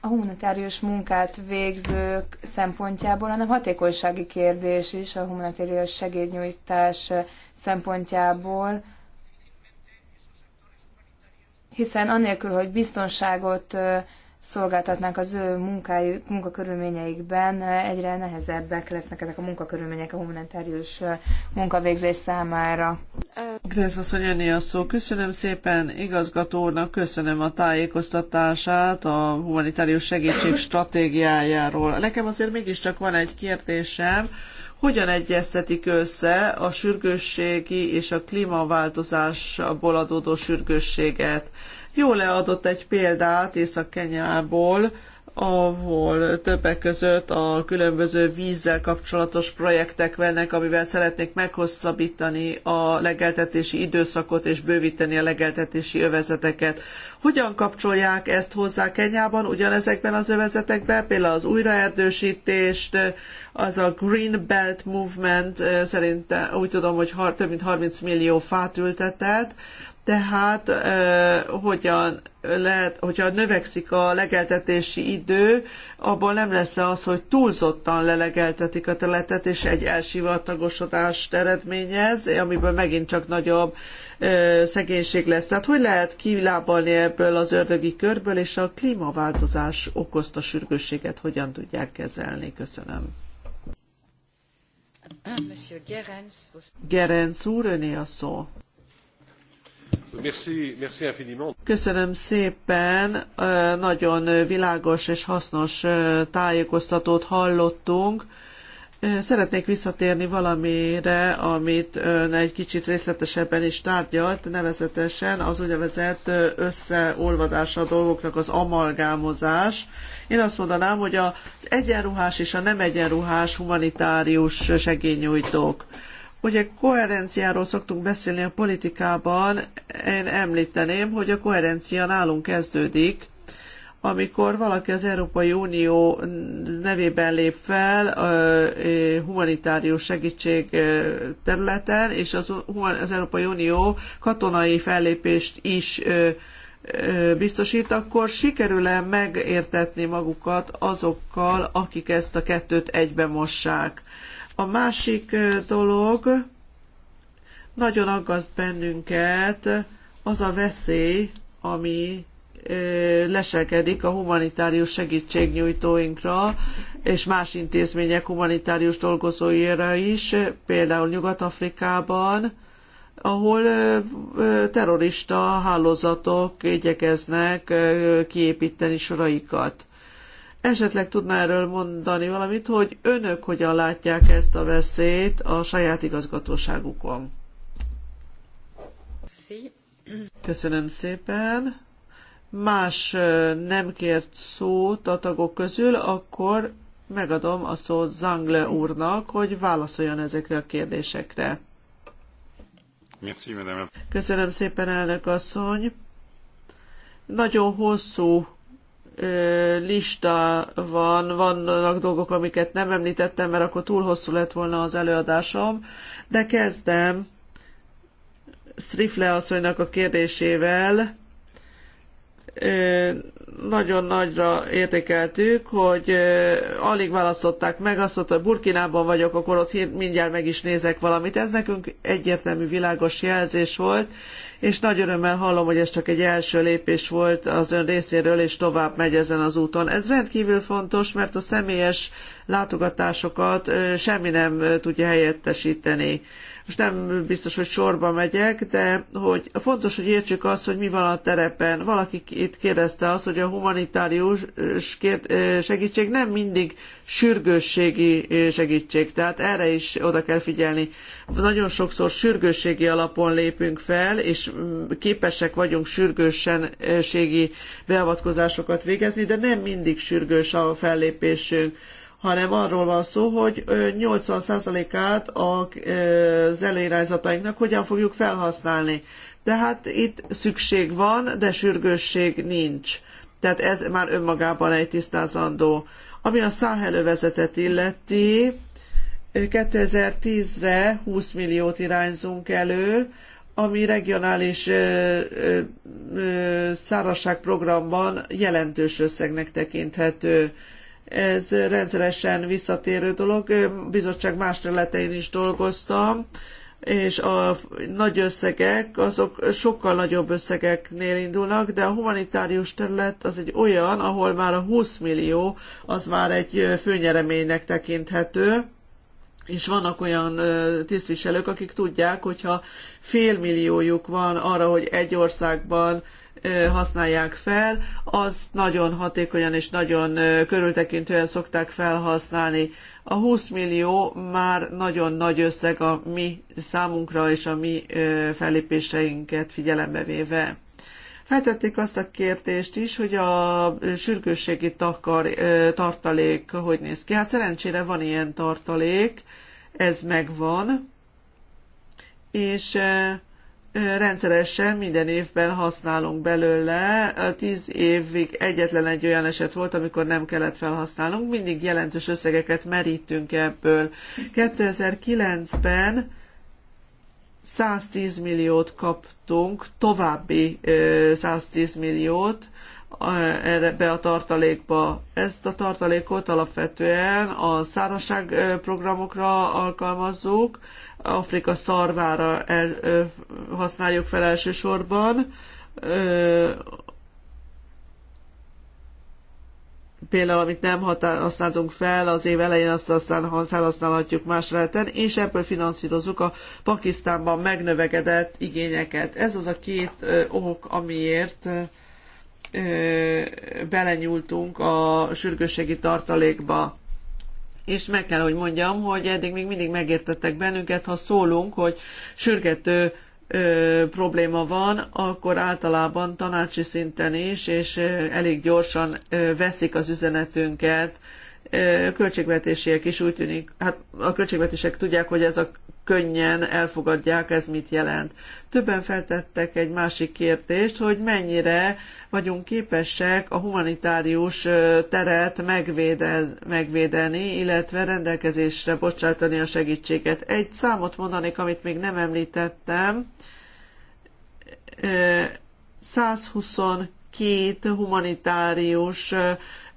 a humanitárius munkát végzők szempontjából, hanem hatékonysági kérdés is a humanitárius segédnyújtás szempontjából, hiszen anélkül, hogy biztonságot szolgáltatnak az ő munkájuk, munkakörülményeikben, egyre nehezebbek lesznek ezek a munkakörülmények a humanitárius munkavégzés számára. Grész asszony, a szó. Köszönöm szépen igazgatónak, köszönöm a tájékoztatását a humanitárius segítség stratégiájáról. Nekem azért mégiscsak van egy kérdésem, hogyan egyeztetik össze a sürgősségi és a klímaváltozásból adódó sürgősséget? Jól leadott egy példát Észak-Kenyából, ahol többek között a különböző vízzel kapcsolatos projektek vennek, amivel szeretnék meghosszabbítani a legeltetési időszakot és bővíteni a legeltetési övezeteket. Hogyan kapcsolják ezt hozzá Kenyában, ugyanezekben az övezetekben, például az újraerdősítést, az a Green Belt Movement, eh, szerintem úgy tudom, hogy több mint 30 millió fát ültetett, tehát hogyan lehet, hogyha növekszik a legeltetési idő, abból nem lesz az, hogy túlzottan lelegeltetik a teletet, és egy elsivatagosodás eredményez, amiből megint csak nagyobb ö, szegénység lesz. Tehát hogy lehet kilábalni ebből az ördögi körből, és a klímaváltozás okozta sürgősséget hogyan tudják kezelni? Köszönöm. Ah, Gerenc úr, öné a szó. Köszönöm szépen, nagyon világos és hasznos tájékoztatót hallottunk. Szeretnék visszatérni valamire, amit ön egy kicsit részletesebben is tárgyalt, nevezetesen az úgynevezett összeolvadása a dolgoknak az amalgámozás. Én azt mondanám, hogy az egyenruhás és a nem egyenruhás humanitárius segélynyújtók Ugye koherenciáról szoktunk beszélni a politikában, én említeném, hogy a koherencia nálunk kezdődik, amikor valaki az Európai Unió nevében lép fel humanitárius segítség területen, és az, az Európai Unió katonai fellépést is biztosít, akkor sikerül-e megértetni magukat azokkal, akik ezt a kettőt egybe mossák. A másik dolog, nagyon aggaszt bennünket az a veszély, ami leselkedik a humanitárius segítségnyújtóinkra és más intézmények humanitárius dolgozóira is, például Nyugat-Afrikában, ahol terrorista hálózatok igyekeznek kiépíteni soraikat. Esetleg tudná erről mondani valamit, hogy önök hogyan látják ezt a veszélyt a saját igazgatóságukon? Köszönöm szépen. Más nem kért szót a tagok közül, akkor megadom a szót Zangle úrnak, hogy válaszoljon ezekre a kérdésekre. Köszönöm szépen, elnök asszony. Nagyon hosszú lista van, vannak dolgok, amiket nem említettem, mert akkor túl hosszú lett volna az előadásom, de kezdem Strifle asszonynak a kérdésével. Nagyon nagyra értékeltük, hogy alig választották meg, azt mondta, hogy Burkinában vagyok, akkor ott mindjárt meg is nézek valamit. Ez nekünk egyértelmű világos jelzés volt, és nagy örömmel hallom, hogy ez csak egy első lépés volt az ön részéről, és tovább megy ezen az úton. Ez rendkívül fontos, mert a személyes látogatásokat semmi nem tudja helyettesíteni. Most nem biztos, hogy sorba megyek, de hogy fontos, hogy értsük azt, hogy mi van a terepen. Valaki itt kérdezte azt, hogy a humanitárius segítség nem mindig sürgősségi segítség, tehát erre is oda kell figyelni. Nagyon sokszor sürgősségi alapon lépünk fel, és mm, képesek vagyunk sürgősségi beavatkozásokat végezni, de nem mindig sürgős a fellépésünk hanem arról van szó, hogy 80%-át az előirányzatainknak hogyan fogjuk felhasználni. Tehát itt szükség van, de sürgősség nincs. Tehát ez már önmagában egy tisztázandó. Ami a száhelővezetet illeti, 2010-re 20 milliót irányzunk elő, ami regionális szárazságprogramban jelentős összegnek tekinthető. Ez rendszeresen visszatérő dolog. Bizottság más területein is dolgoztam, és a nagy összegek, azok sokkal nagyobb összegeknél indulnak, de a humanitárius terület az egy olyan, ahol már a 20 millió az már egy főnyereménynek tekinthető, és vannak olyan tisztviselők, akik tudják, hogyha fél milliójuk van arra, hogy egy országban használják fel, az nagyon hatékonyan és nagyon körültekintően szokták felhasználni. A 20 millió már nagyon nagy összeg a mi számunkra és a mi fellépéseinket figyelembe véve. Feltették azt a kérdést is, hogy a sürgősségi takar, tartalék hogy néz ki. Hát szerencsére van ilyen tartalék, ez megvan, és rendszeresen minden évben használunk belőle. Tíz évig egyetlen egy olyan eset volt, amikor nem kellett felhasználnunk, mindig jelentős összegeket merítünk ebből. 2009-ben 110 milliót kaptunk, további 110 milliót, erre be a tartalékba. Ezt a tartalékot alapvetően a szárazság programokra alkalmazzuk, Afrika szarvára el, használjuk fel elsősorban, például, amit nem használtunk fel az év elején, azt aztán felhasználhatjuk más leheten, és ebből finanszírozzuk a Pakisztánban megnövekedett igényeket. Ez az a két ok, amiért belenyúltunk a sürgősségi tartalékba. És meg kell, hogy mondjam, hogy eddig még mindig megértettek bennünket, ha szólunk, hogy sürgető ö, probléma van, akkor általában tanácsi szinten is, és ö, elég gyorsan ö, veszik az üzenetünket, költségvetésiek is úgy tűnik, hát a költségvetések tudják, hogy ez a könnyen elfogadják, ez mit jelent. Többen feltettek egy másik kérdést, hogy mennyire vagyunk képesek a humanitárius teret megvédeni, illetve rendelkezésre bocsátani a segítséget. Egy számot mondanék, amit még nem említettem. 122 humanitárius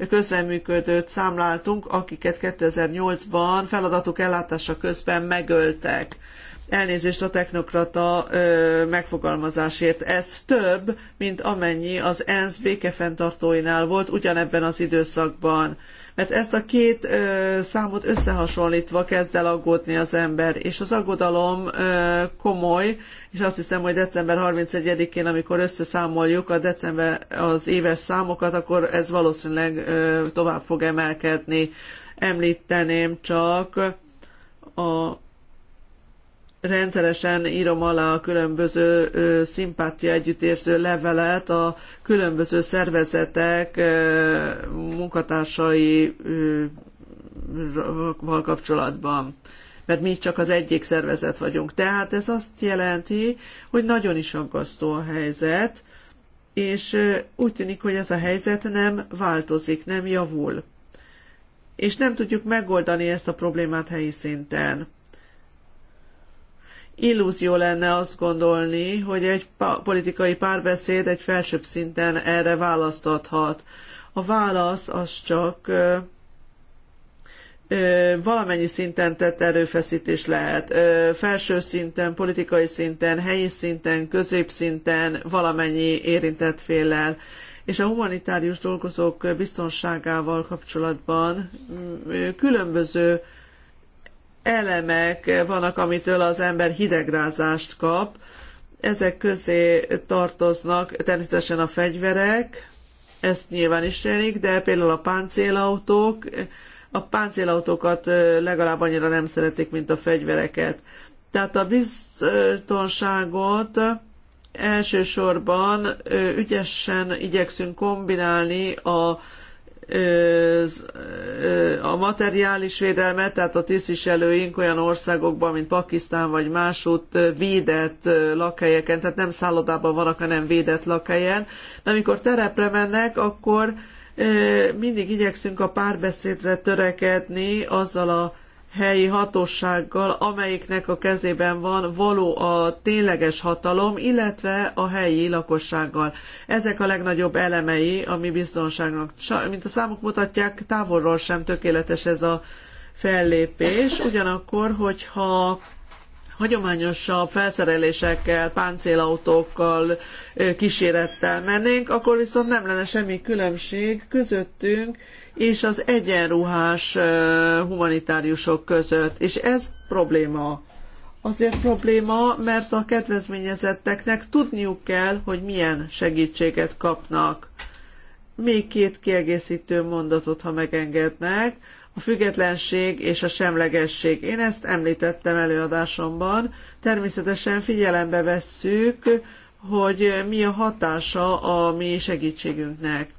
közreműködőt számláltunk, akiket 2008-ban feladatuk ellátása közben megöltek. Elnézést a technokrata ö, megfogalmazásért. Ez több, mint amennyi az ENSZ békefenntartóinál volt ugyanebben az időszakban mert ezt a két ö, számot összehasonlítva kezd el aggódni az ember, és az aggodalom ö, komoly, és azt hiszem, hogy december 31-én, amikor összeszámoljuk a december az éves számokat, akkor ez valószínűleg ö, tovább fog emelkedni. Említeném csak a rendszeresen írom alá a különböző szimpátia együttérző levelet a különböző szervezetek munkatársaival kapcsolatban mert mi csak az egyik szervezet vagyunk. Tehát ez azt jelenti, hogy nagyon is aggasztó a helyzet, és úgy tűnik, hogy ez a helyzet nem változik, nem javul. És nem tudjuk megoldani ezt a problémát helyi szinten illúzió lenne azt gondolni, hogy egy politikai párbeszéd egy felsőbb szinten erre választ adhat. A válasz az csak valamennyi szinten tett erőfeszítés lehet. Felső szinten, politikai szinten, helyi szinten, középszinten, valamennyi érintett féllel. És a humanitárius dolgozók biztonságával kapcsolatban mm, különböző elemek vannak, amitől az ember hidegrázást kap. Ezek közé tartoznak természetesen a fegyverek, ezt nyilván ismerik, de például a páncélautók, a páncélautókat legalább annyira nem szeretik, mint a fegyvereket. Tehát a biztonságot elsősorban ügyesen igyekszünk kombinálni a a materiális védelmet, tehát a tisztviselőink olyan országokban, mint Pakisztán vagy másút védett lakhelyeken, tehát nem szállodában vannak, hanem védett lakhelyen. De amikor terepre mennek, akkor mindig igyekszünk a párbeszédre törekedni azzal a helyi hatósággal, amelyiknek a kezében van való a tényleges hatalom, illetve a helyi lakossággal. Ezek a legnagyobb elemei a mi biztonságnak. Mint a számok mutatják, távolról sem tökéletes ez a fellépés, ugyanakkor, hogyha hagyományosabb felszerelésekkel, páncélautókkal, kísérettel mennénk, akkor viszont nem lenne semmi különbség közöttünk és az egyenruhás humanitáriusok között. És ez probléma. Azért probléma, mert a kedvezményezetteknek tudniuk kell, hogy milyen segítséget kapnak. Még két kiegészítő mondatot, ha megengednek a függetlenség és a semlegesség. Én ezt említettem előadásomban. Természetesen figyelembe vesszük, hogy mi a hatása a mi segítségünknek.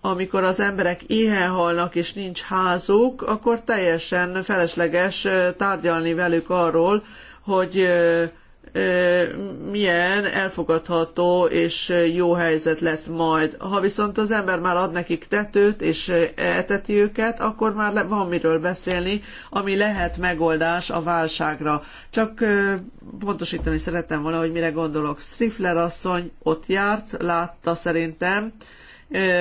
Amikor az emberek éhen halnak és nincs házuk, akkor teljesen felesleges tárgyalni velük arról, hogy milyen elfogadható és jó helyzet lesz majd. Ha viszont az ember már ad nekik tetőt és elteti őket, akkor már van miről beszélni, ami lehet megoldás a válságra. Csak pontosítani szerettem volna, hogy mire gondolok. Strifler asszony ott járt, látta szerintem,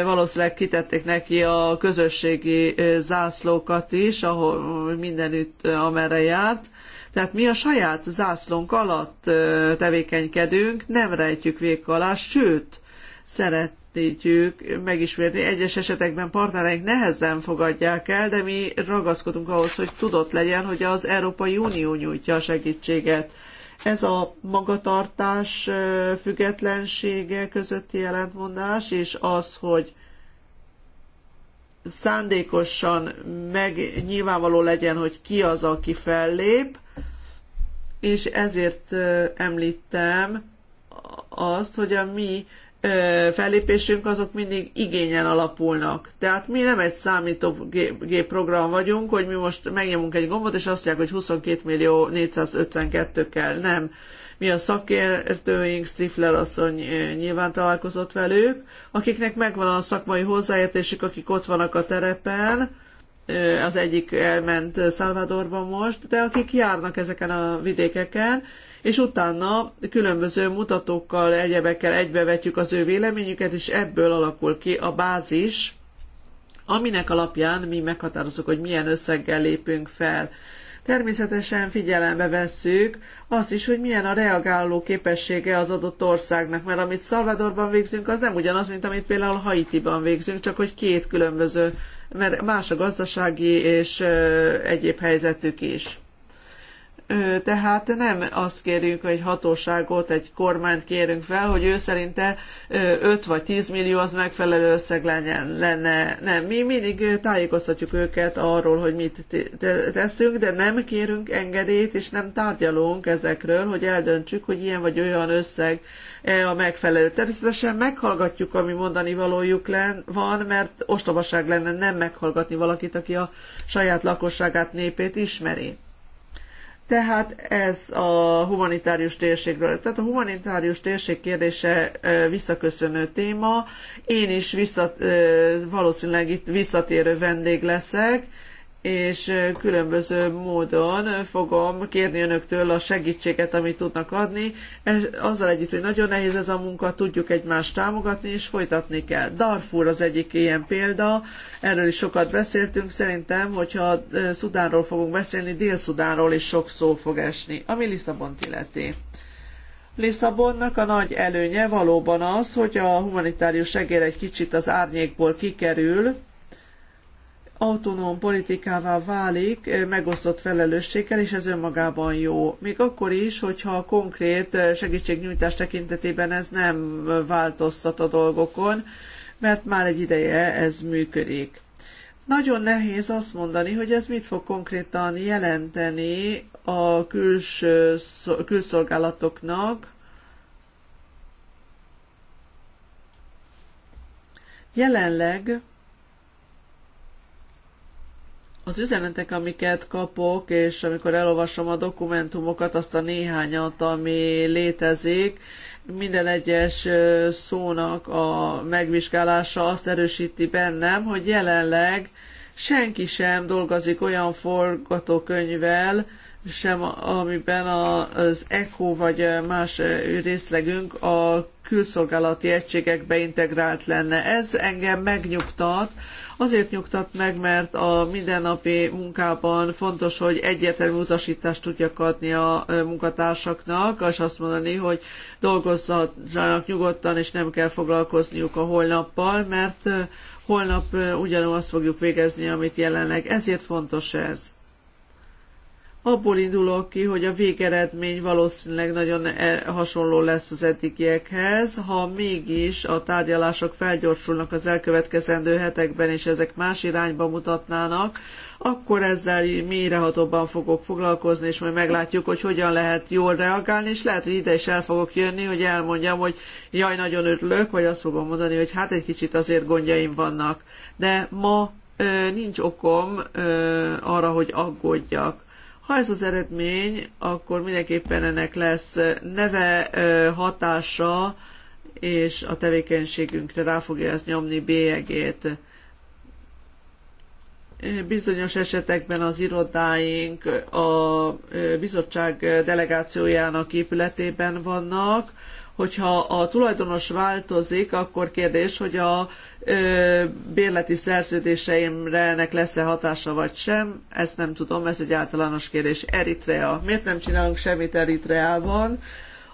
valószínűleg kitették neki a közösségi zászlókat is, ahol mindenütt, amerre járt. Tehát mi a saját zászlónk alatt tevékenykedünk, nem rejtjük vék alá, sőt, szeretnétjük megismerni. Egyes esetekben partnereink nehezen fogadják el, de mi ragaszkodunk ahhoz, hogy tudott legyen, hogy az Európai Unió nyújtja a segítséget ez a magatartás függetlensége közötti ellentmondás, és az, hogy szándékosan meg nyilvánvaló legyen, hogy ki az, aki fellép, és ezért említem azt, hogy a mi fellépésünk, azok mindig igényen alapulnak. Tehát mi nem egy számítógép program vagyunk, hogy mi most megnyomunk egy gombot, és azt mondják, hogy 22 millió 452 kell. Nem. Mi a szakértőink, Strifler asszony nyilván találkozott velük, akiknek megvan a szakmai hozzáértésük, akik ott vannak a terepen, az egyik elment Szalvadorban most, de akik járnak ezeken a vidékeken, és utána különböző mutatókkal, egyebekkel egybevetjük az ő véleményüket, és ebből alakul ki a bázis, aminek alapján mi meghatározunk, hogy milyen összeggel lépünk fel. Természetesen figyelembe vesszük azt is, hogy milyen a reagáló képessége az adott országnak, mert amit Szalvadorban végzünk, az nem ugyanaz, mint amit például Haitiban végzünk, csak hogy két különböző, mert más a gazdasági és egyéb helyzetük is tehát nem azt kérjük, hogy hatóságot, egy kormányt kérünk fel, hogy ő szerinte 5 vagy 10 millió az megfelelő összeg lenne. Nem, mi mindig tájékoztatjuk őket arról, hogy mit teszünk, de nem kérünk engedélyt, és nem tárgyalunk ezekről, hogy eldöntsük, hogy ilyen vagy olyan összeg e, a megfelelő. Természetesen meghallgatjuk, ami mondani valójuk len, van, mert ostobaság lenne nem meghallgatni valakit, aki a saját lakosságát, népét ismeri. Tehát ez a humanitárius térségről. Tehát a humanitárius térség kérdése visszaköszönő téma. Én is vissza, valószínűleg itt visszatérő vendég leszek és különböző módon fogom kérni önöktől a segítséget, amit tudnak adni. azzal együtt, hogy nagyon nehéz ez a munka, tudjuk egymást támogatni, és folytatni kell. Darfur az egyik ilyen példa, erről is sokat beszéltünk, szerintem, hogyha Szudánról fogunk beszélni, Dél-Szudánról is sok szó fog esni, ami Lisszabont illeti. Lisszabonnak a nagy előnye valóban az, hogy a humanitárius segély egy kicsit az árnyékból kikerül, autonóm politikává válik eh, megosztott felelősséggel, és ez önmagában jó. Még akkor is, hogyha a konkrét eh, segítségnyújtás tekintetében ez nem változtat a dolgokon, mert már egy ideje ez működik. Nagyon nehéz azt mondani, hogy ez mit fog konkrétan jelenteni a külső, külszolgálatoknak, Jelenleg az üzenetek, amiket kapok, és amikor elolvasom a dokumentumokat, azt a néhányat, ami létezik, minden egyes szónak a megvizsgálása azt erősíti bennem, hogy jelenleg senki sem dolgozik olyan forgatókönyvvel, sem amiben az ECHO vagy más részlegünk a külszolgálati egységekbe integrált lenne. Ez engem megnyugtat, Azért nyugtat meg, mert a mindennapi munkában fontos, hogy egyértelmű utasítást tudjak adni a munkatársaknak, és azt mondani, hogy dolgozzanak nyugodtan, és nem kell foglalkozniuk a holnappal, mert holnap ugyanazt fogjuk végezni, amit jelenleg. Ezért fontos ez abból indulok ki, hogy a végeredmény valószínűleg nagyon eh, hasonló lesz az eddigiekhez. Ha mégis a tárgyalások felgyorsulnak az elkövetkezendő hetekben, és ezek más irányba mutatnának, akkor ezzel mélyrehatóban fogok foglalkozni, és majd meglátjuk, hogy hogyan lehet jól reagálni, és lehet, hogy ide is el fogok jönni, hogy elmondjam, hogy jaj, nagyon örülök, vagy azt fogom mondani, hogy hát egy kicsit azért gondjaim vannak. De ma ö, nincs okom ö, arra, hogy aggódjak ha ez az eredmény, akkor mindenképpen ennek lesz neve, hatása, és a tevékenységünkre rá fogja ezt nyomni bélyegét. Bizonyos esetekben az irodáink a bizottság delegációjának épületében vannak, Hogyha a tulajdonos változik, akkor kérdés, hogy a ö, bérleti szerződéseimre ennek lesz-e hatása vagy sem, ezt nem tudom, ez egy általános kérdés. Eritrea. Miért nem csinálunk semmit Eritreában?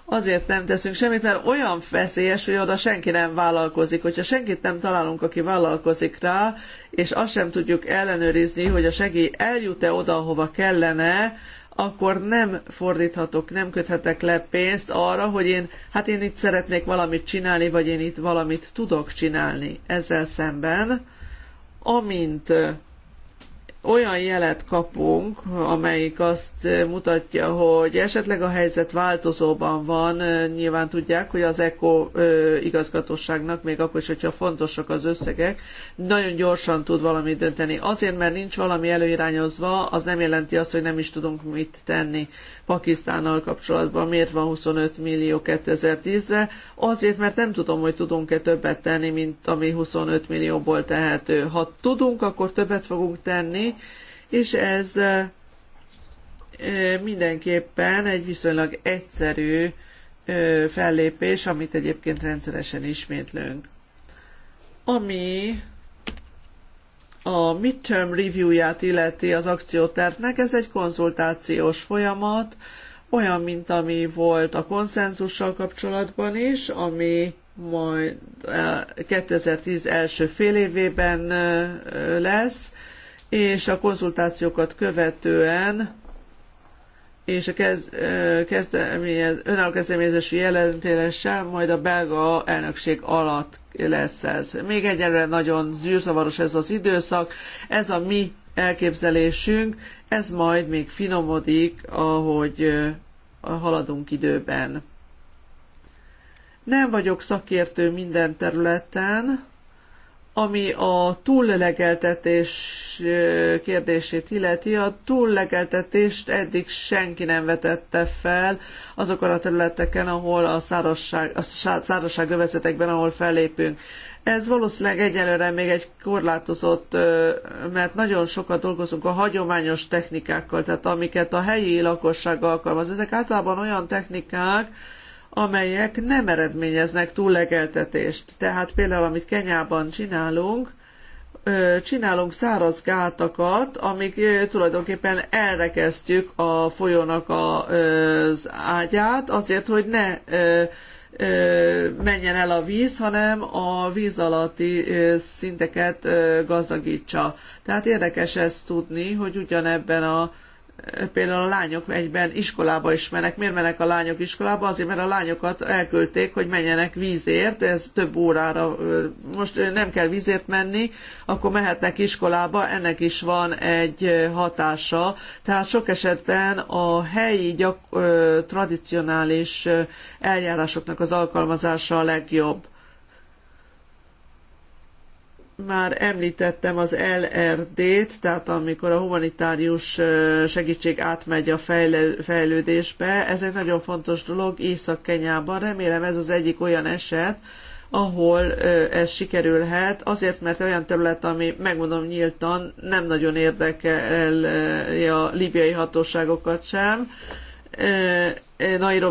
azért nem teszünk semmit, mert olyan feszélyes, hogy oda senki nem vállalkozik. Hogyha senkit nem találunk, aki vállalkozik rá, és azt sem tudjuk ellenőrizni, hogy a segély eljut-e oda, hova kellene, akkor nem fordíthatok, nem köthetek le pénzt arra, hogy én, hát én itt szeretnék valamit csinálni, vagy én itt valamit tudok csinálni. Ezzel szemben, amint olyan jelet kapunk, amelyik azt mutatja, hogy esetleg a helyzet változóban van. Nyilván tudják, hogy az ECO igazgatóságnak, még akkor is, hogyha fontosak az összegek, nagyon gyorsan tud valamit dönteni. Azért, mert nincs valami előirányozva, az nem jelenti azt, hogy nem is tudunk mit tenni. Pakisztánnal kapcsolatban miért van 25 millió 2010-re? Azért, mert nem tudom, hogy tudunk-e többet tenni, mint ami 25 millióból tehető. Ha tudunk, akkor többet fogunk tenni, és ez mindenképpen egy viszonylag egyszerű fellépés, amit egyébként rendszeresen ismétlünk. Ami a midterm reviewját illeti az akciótervnek, ez egy konzultációs folyamat, olyan, mint ami volt a konszenzussal kapcsolatban is, ami majd 2010 első fél évében lesz, és a konzultációkat követően és a kez, kezdeményez, önálló kezdeményezési jelentéssel majd a belga elnökség alatt lesz ez. Még egyelőre nagyon zűrzavaros ez az időszak, ez a mi elképzelésünk, ez majd még finomodik, ahogy haladunk időben. Nem vagyok szakértő minden területen, ami a túllegeltetés kérdését illeti, a túllegeltetést eddig senki nem vetette fel azokon a területeken, ahol a szárazság, a szárazság övezetekben, ahol fellépünk. Ez valószínűleg egyelőre még egy korlátozott, mert nagyon sokat dolgozunk a hagyományos technikákkal, tehát amiket a helyi lakosság alkalmaz. Ezek általában olyan technikák, amelyek nem eredményeznek túllegeltetést. Tehát például, amit Kenyában csinálunk, csinálunk száraz gátakat, amik tulajdonképpen elrekesztjük a folyónak az ágyát, azért, hogy ne menjen el a víz, hanem a víz alatti szinteket gazdagítsa. Tehát érdekes ezt tudni, hogy ugyanebben a például a lányok egyben iskolába is mennek. Miért mennek a lányok iskolába? Azért, mert a lányokat elküldték, hogy menjenek vízért, ez több órára, most nem kell vízért menni, akkor mehetnek iskolába, ennek is van egy hatása. Tehát sok esetben a helyi gyak, tradicionális eljárásoknak az alkalmazása a legjobb már említettem az LRD-t, tehát amikor a humanitárius segítség átmegy a fejlődésbe, ez egy nagyon fontos dolog Észak-Kenyában. Remélem ez az egyik olyan eset, ahol ez sikerülhet, azért, mert olyan terület, ami, megmondom nyíltan, nem nagyon érdekel a libiai hatóságokat sem,